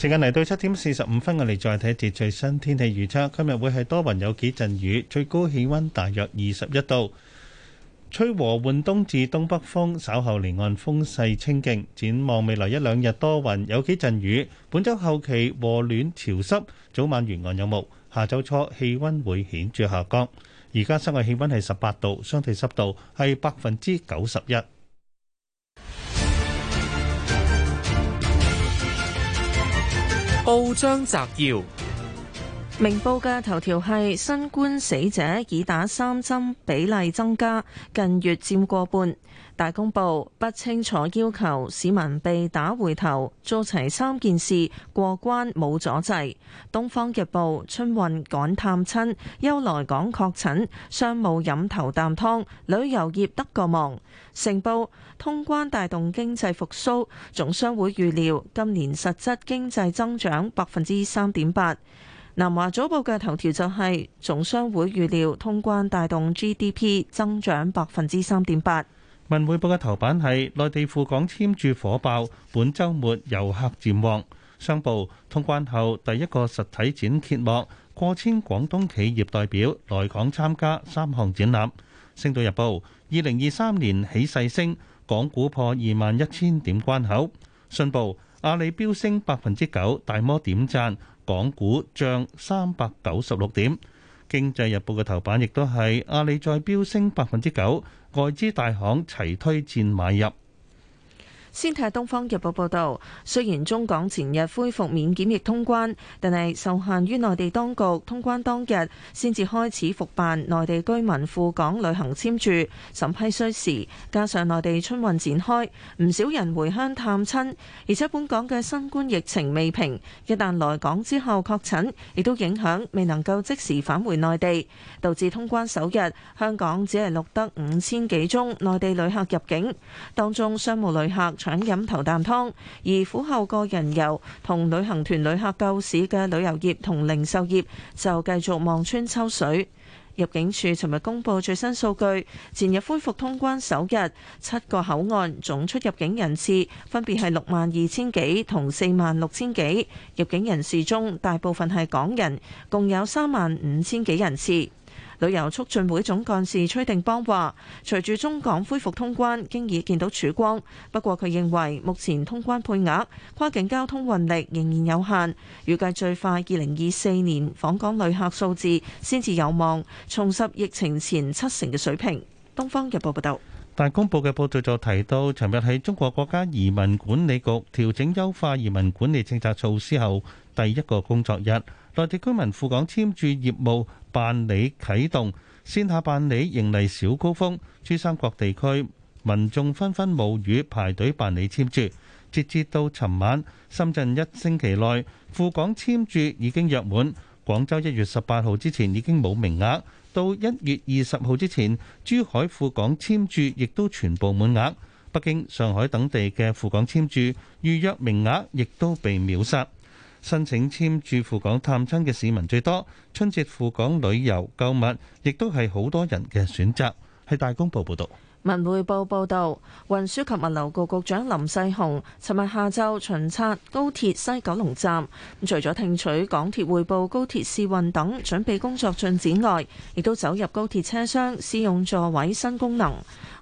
時間嚟到七點四十五分，我哋再睇一節最新天氣預測。今日會係多雲有幾陣雨，最高氣温大約二十一度，吹和緩東至東北風，稍後離岸風勢清勁。展望未來一兩日多雲有幾陣雨，本周後期和暖潮濕，早晚沿岸有霧。下周初氣温會顯著下降。而家室外氣温係十八度，相對濕度係百分之九十一。報章摘要。明報嘅頭條係：新冠死者已打三針比例增加，近月佔過半。大公報不清楚要求市民被打回頭做齊三件事過關，冇阻滯。東方日報春運趕探親，憂來港確診商務飲頭啖湯，旅遊業得個望。成報通關帶動經濟復蘇，總商會預料今年實質經濟增長百分之三點八。南華早報嘅頭條就係、是，總商會預料通關帶動 GDP 增長百分之三點八。文匯報嘅頭版係內地赴港簽注火爆，本周末遊客漸旺。商報通關後第一個實體展揭幕，過千廣東企業代表來港參加三項展覽。星島日報二零二三年起勢升，港股破二萬一千點關口。信報阿里飆升百分之九，大摩點讚。港股漲三百九十六點，經濟日報嘅頭版亦都係阿里再飆升百分之九，外資大行齊推薦買入。先睇《東方日報》報道，雖然中港前日恢復免檢疫通關，但係受限於內地當局，通關當日先至開始復辦內地居民赴港旅行簽注審批需時，加上內地春運展開，唔少人回鄉探親，而且本港嘅新冠疫情未平，一旦來港之後確診，亦都影響未能夠即時返回內地，導致通關首日，香港只係錄得五千幾宗內地旅客入境，當中商務旅客。搶飲頭啖湯，而府后個人遊同旅行團旅客救市嘅旅遊業同零售業就繼續望穿秋水。入境處尋日公布最新數據，前日恢復通關首日，七個口岸總出入境人次分別係六萬二千幾同四萬六千幾。入境人士中，大部分係港人，共有三萬五千幾人次。旅遊促進會總幹事崔定邦話，隨住中港恢復通關，經已見到曙光。不過佢認為，目前通關配額、跨境交通運力仍然有限，預計最快二零二四年訪港旅客數字先至有望重拾疫情前七成嘅水平。東方日報報道，大公報嘅報道就提到，尋日喺中國國家移民管理局調整優化移民管理政策措施後，第一個工作日。內地居民赴港簽注業務辦理啟動，線下辦理迎嚟小高峰。珠三角地區民眾紛紛冒雨排隊辦理簽注。截至到尋晚，深圳一星期內赴港簽注已經約滿；廣州一月十八號之前已經冇名額，到一月二十號之前，珠海赴港簽注亦都全部滿額。北京、上海等地嘅赴港簽注預約名額亦都被秒殺。申請簽注赴港探親嘅市民最多，春節赴港旅遊、購物亦都係好多人嘅選擇。係大公報報道。文匯報報道，運輸及物流局局長林世雄，尋日下晝巡查高鐵西九龍站。除咗聽取港鐵匯報高鐵試運等準備工作進展外，亦都走入高鐵車廂試用座位新功能。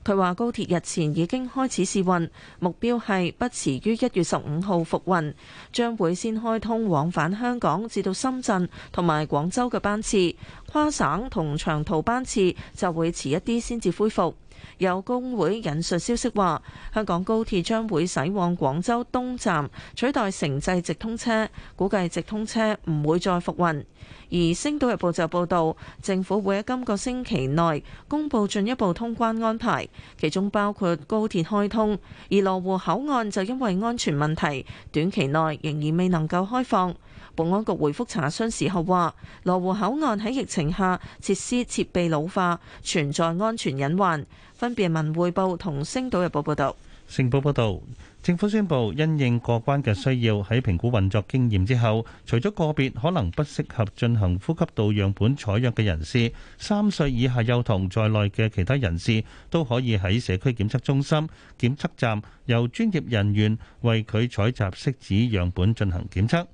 佢話高鐵日前已經開始試運，目標係不遲於一月十五號復運，將會先開通往返香港至到深圳同埋廣州嘅班次，跨省同長途班次就會遲一啲先至恢復。有工會引述消息話，香港高鐵將會駛往廣州東站，取代城際直通車。估計直通車唔會再復運。而《星島日報》就報道，政府會喺今個星期內公布進一步通關安排，其中包括高鐵開通。而羅湖口岸就因為安全問題，短期內仍然未能夠開放。保安局回覆查詢時候話，羅湖口岸喺疫情下設施設備老化，存在安全隱患。分別文匯報同星島日報報導，星報報導，政府宣布因應過關嘅需要，喺評估運作經驗之後，除咗個別可能不適合進行呼吸道樣本採樣嘅人士，三歲以下幼童在內嘅其他人士都可以喺社區檢測中心、檢測站，由專業人員為佢採集拭子樣本進行檢測。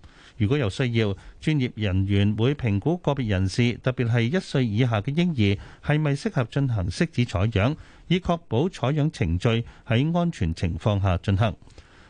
如果有需要，專業人員會評估個別人士，特別係一歲以下嘅嬰兒，係咪適合進行拭子採樣，以確保採樣程序喺安全情況下進行。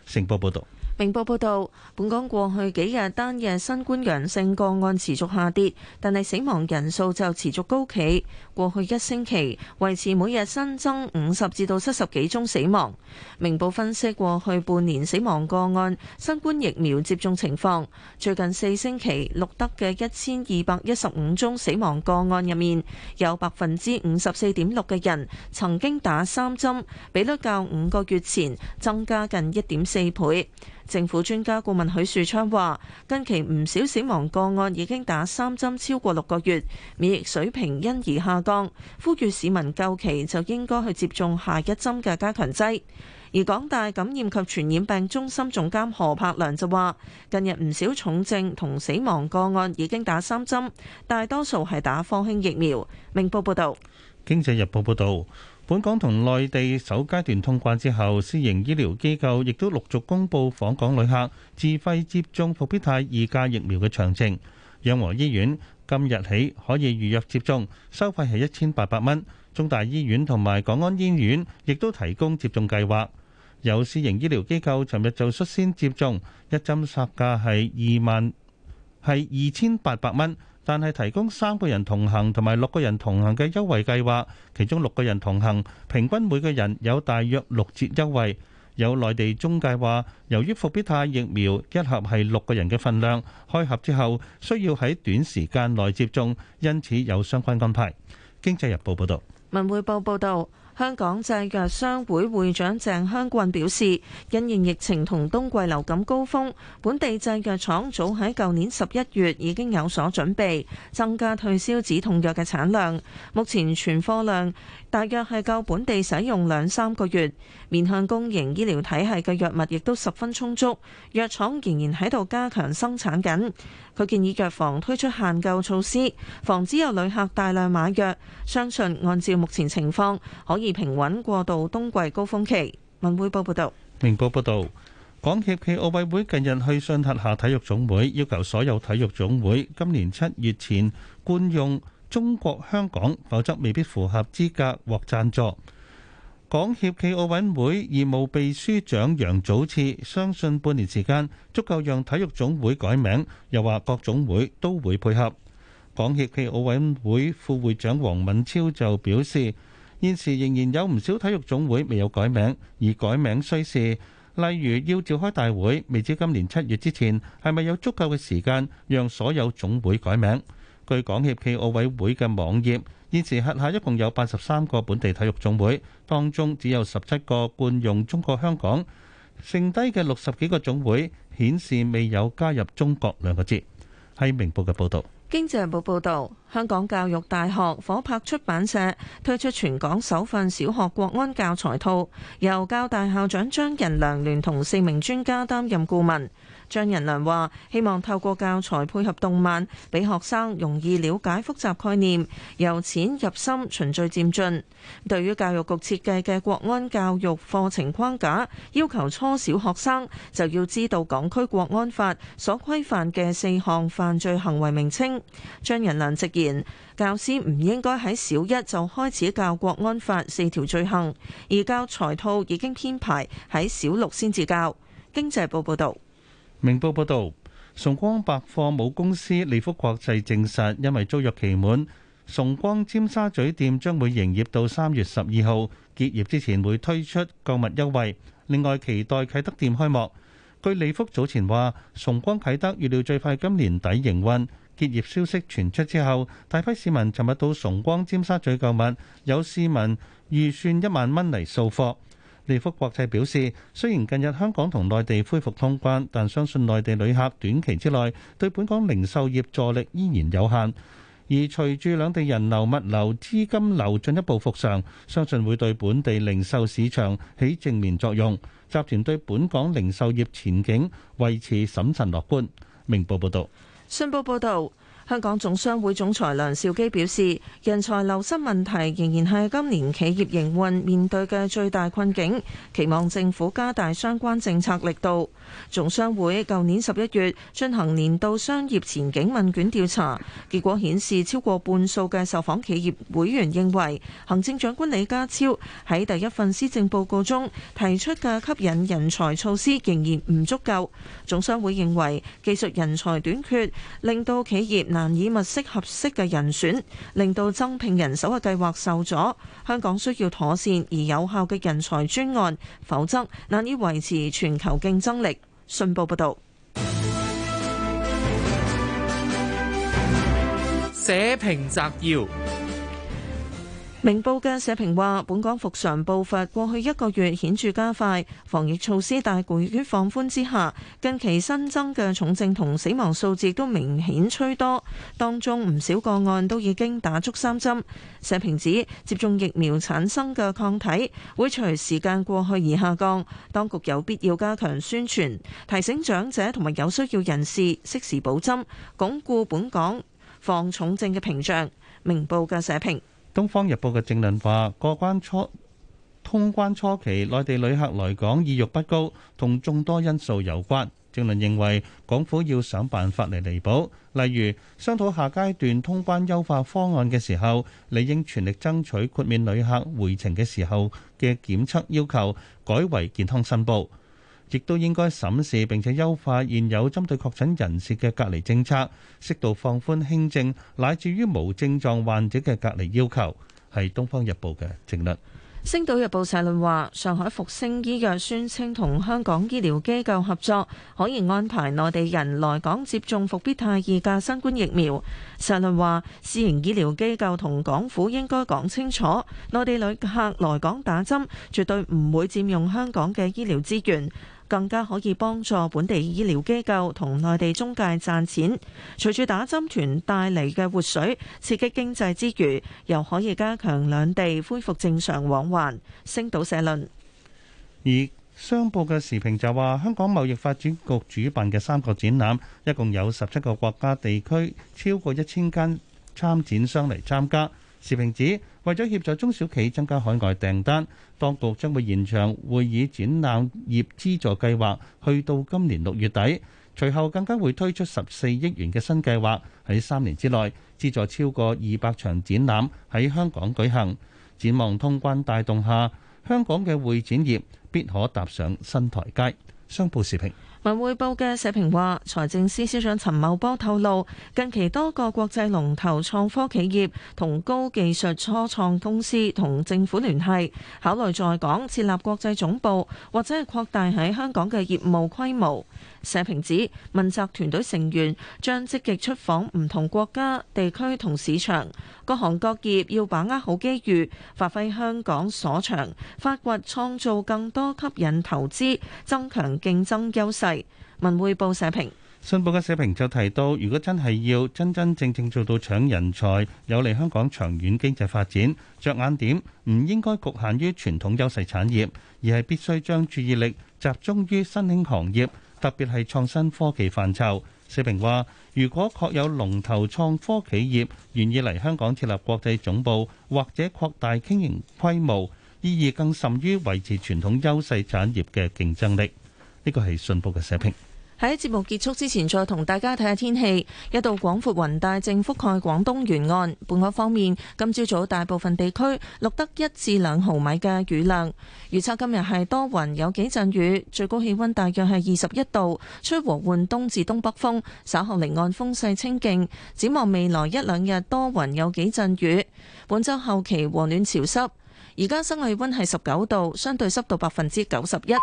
成報報道。明報報導，本港過去幾日單日新冠陽性個案持續下跌，但係死亡人數就持續高企。過去一星期維持每日新增五十至到七十幾宗死亡。明報分析，過去半年死亡個案，新冠疫苗接種情況，最近四星期錄得嘅一千二百一十五宗死亡個案入面，有百分之五十四點六嘅人曾經打三針，比率較五個月前增加近一點四倍。政府專家顧問許樹昌話：近期唔少死亡個案已經打三針超過六個月，免疫水平因而下降，呼籲市民夠期就應該去接種下一針嘅加強劑。而港大感染及傳染病中心總監何柏良就話：近日唔少重症同死亡個案已經打三針，大多數係打科興疫苗。明報報導，《經濟日報》報導。本港同內地首階段通關之後，私營醫療機構亦都陸續公布訪港旅客自費接種復必泰二價疫苗嘅詳情。養和醫院今日起可以預約接種，收費係一千八百蚊。中大醫院同埋港安醫院亦都提供接種計劃。有私營醫療機構尋日就率先接種，一針殺價係二萬，係二千八百蚊。但係提供三個人同行同埋六個人同行嘅優惠計劃，其中六個人同行平均每個人有大約六折優惠。有內地中介話，由於復必泰疫苗一盒係六個人嘅份量，開盒之後需要喺短時間內接種，因此有相關安排。經濟日報報道。文匯報報導。香港製藥商會會長鄭香郡表示，因應疫情同冬季流感高峰，本地製藥廠早喺舊年十一月已經有所準備，增加退燒止痛藥嘅產量，目前存貨量，大約係夠本地使用兩三個月，面向公營醫療體系嘅藥物亦都十分充足，藥廠仍然喺度加強生產緊。佢建議藥房推出限購措施，防止有旅客大量買藥。相信按照目前情況，可以平穩過渡冬季高峰期。文匯報報道：「明報報道，港協暨奧委會近日去信轄下體育總會，要求所有體育總會今年七月前冠用中國香港，否則未必符合資格獲贊助。港協暨奧委會義務秘書長楊祖次相信半年時間足夠讓體育總會改名，又話各總會都會配合。港協暨奧委會副會長黃敏超就表示，現時仍然有唔少體育總會未有改名，而改名需時，例如要召開大會，未知今年七月之前係咪有足夠嘅時間讓所有總會改名。對港協暨奧委會嘅網頁，現時轄下一共有八十三個本地體育總會，當中只有十七個冠用中國香港，剩低嘅六十幾個總會顯示未有加入中國兩個字。係明報嘅報導。經濟日報報導，香港教育大學火拍出版社推出全港首份小學國安教材套，由教大校長張仁良聯同四名專家擔任顧問。張仁良話，希望透過教材配合動漫，俾學生容易了解複雜概念，由淺入深，循序漸進。對於教育局設計嘅國安教育課程框架，要求初小學生就要知道港區國安法所規範嘅四項犯罪行為名稱。張仁良直言，教師唔應該喺小一就開始教國安法四條罪行，而教材套已經編排喺小六先至教。經濟報報道。明報報導，崇光百貨母公司利福國際證實，因為租約期滿，崇光尖沙咀店將會營業到三月十二號，結業之前會推出購物優惠。另外，期待啟德店開幕。據利福早前話，崇光啟德預料最快今年底營運。結業消息傳出之後，大批市民尋日到崇光尖沙咀購物，有市民預算一萬蚊嚟掃貨。利福國際表示，雖然近日香港同內地恢復通關，但相信內地旅客短期之內對本港零售業助力依然有限。而隨住兩地人流、物流、資金流進一步復常，相信會對本地零售市場起正面作用。集團對本港零售業前景維持審慎樂觀。明報報道，信報報道。香港總商會總裁梁兆基表示，人才流失問題仍然係今年企業營運面對嘅最大困境，期望政府加大相關政策力度。總商會舊年十一月進行年度商業前景問卷調查，結果顯示超過半數嘅受訪企業會員認為，行政長官李家超喺第一份施政報告中提出嘅吸引人才措施仍然唔足夠。總商會認為，技術人才短缺令到企業。難以物色合適嘅人選，令到增聘人手嘅計劃受阻。香港需要妥善而有效嘅人才專案，否則難以維持全球競爭力。信報報道：社評摘要。明報嘅社評話：本港復常步伐過去一個月顯著加快，防疫措施大於放寬之下，近期新增嘅重症同死亡數字都明顯趨多，當中唔少個案都已經打足三針。社評指，接種疫苗產生嘅抗體會隨時間過去而下降，當局有必要加強宣傳，提醒長者同埋有需要人士適時補針，鞏固本港防重症嘅屏障。明報嘅社評。東方日報嘅政論話：過關初通關初期，內地旅客來港意欲不高，同眾多因素有關。政論認為，港府要想辦法嚟彌補，例如商討下階段通關優化方案嘅時候，理應全力爭取豁免旅客回程嘅時候嘅檢測要求，改為健康申報。亦都應該審視並且優化現有針對確診人士嘅隔離政策，適度放寬輕症乃至於無症狀患者嘅隔離要求。係《東方日報》嘅政論。《星島日報》社論話，上海復星醫藥宣稱同香港醫療機構合作，可以安排內地人來港接種復必泰二價新冠疫苗。社論話，私營醫療機構同港府應該講清楚，內地旅客來港打針絕對唔會佔用香港嘅醫療資源。更加可以幫助本地醫療機構同內地中介賺錢。隨住打針團帶嚟嘅活水，刺激經濟之餘，又可以加強兩地恢復正常往還。星島社論。而商報嘅時評就話：香港貿易發展局主辦嘅三個展覽，一共有十七個國家地區，超過一千間參展商嚟參加。時評指。為咗協助中小企增加海外訂單，當局將會延長會議展覽業資助計劃，去到今年六月底。隨後更加會推出十四億元嘅新計劃，喺三年之內資助超過二百場展覽喺香港舉行。展望通關帶動下，香港嘅會展業必可踏上新台階。商報時評。文匯報嘅社評話，財政司司長陳茂波透露，近期多個國際龍頭創科企業同高技術初創公司同政府聯繫，考慮在港設立國際總部或者係擴大喺香港嘅業務規模。社評指，問責團隊成員將積極出訪唔同國家、地區同市場，各行各業要把握好機遇，發揮香港所長，發掘創造更多吸引投資、增強競爭優勢。文匯報社評。信報嘅社評就提到，如果真係要真真正正做到搶人才，有利香港長遠經濟發展，着眼點唔應該局限於傳統優勢產業，而係必須將注意力集中於新興行業，特別係創新科技範疇。社評話，如果確有龍頭創科企業願意嚟香港設立國際總部，或者擴大經營規模，意義更甚於維持傳統優勢產業嘅競爭力。呢個係信報嘅社評。喺節目結束之前，再同大家睇下天氣。一道廣闊雲帶正覆蓋廣東沿岸。本港方面，今朝早大部分地區錄得一至兩毫米嘅雨量。預測今日係多雲，有幾陣雨，最高氣温大約係二十一度，吹和緩東至東北風，稍後離岸風勢清勁。展望未來一兩日多雲，有幾陣雨。本週後期和暖潮濕。而家室內氣温係十九度，相對濕度百分之九十一。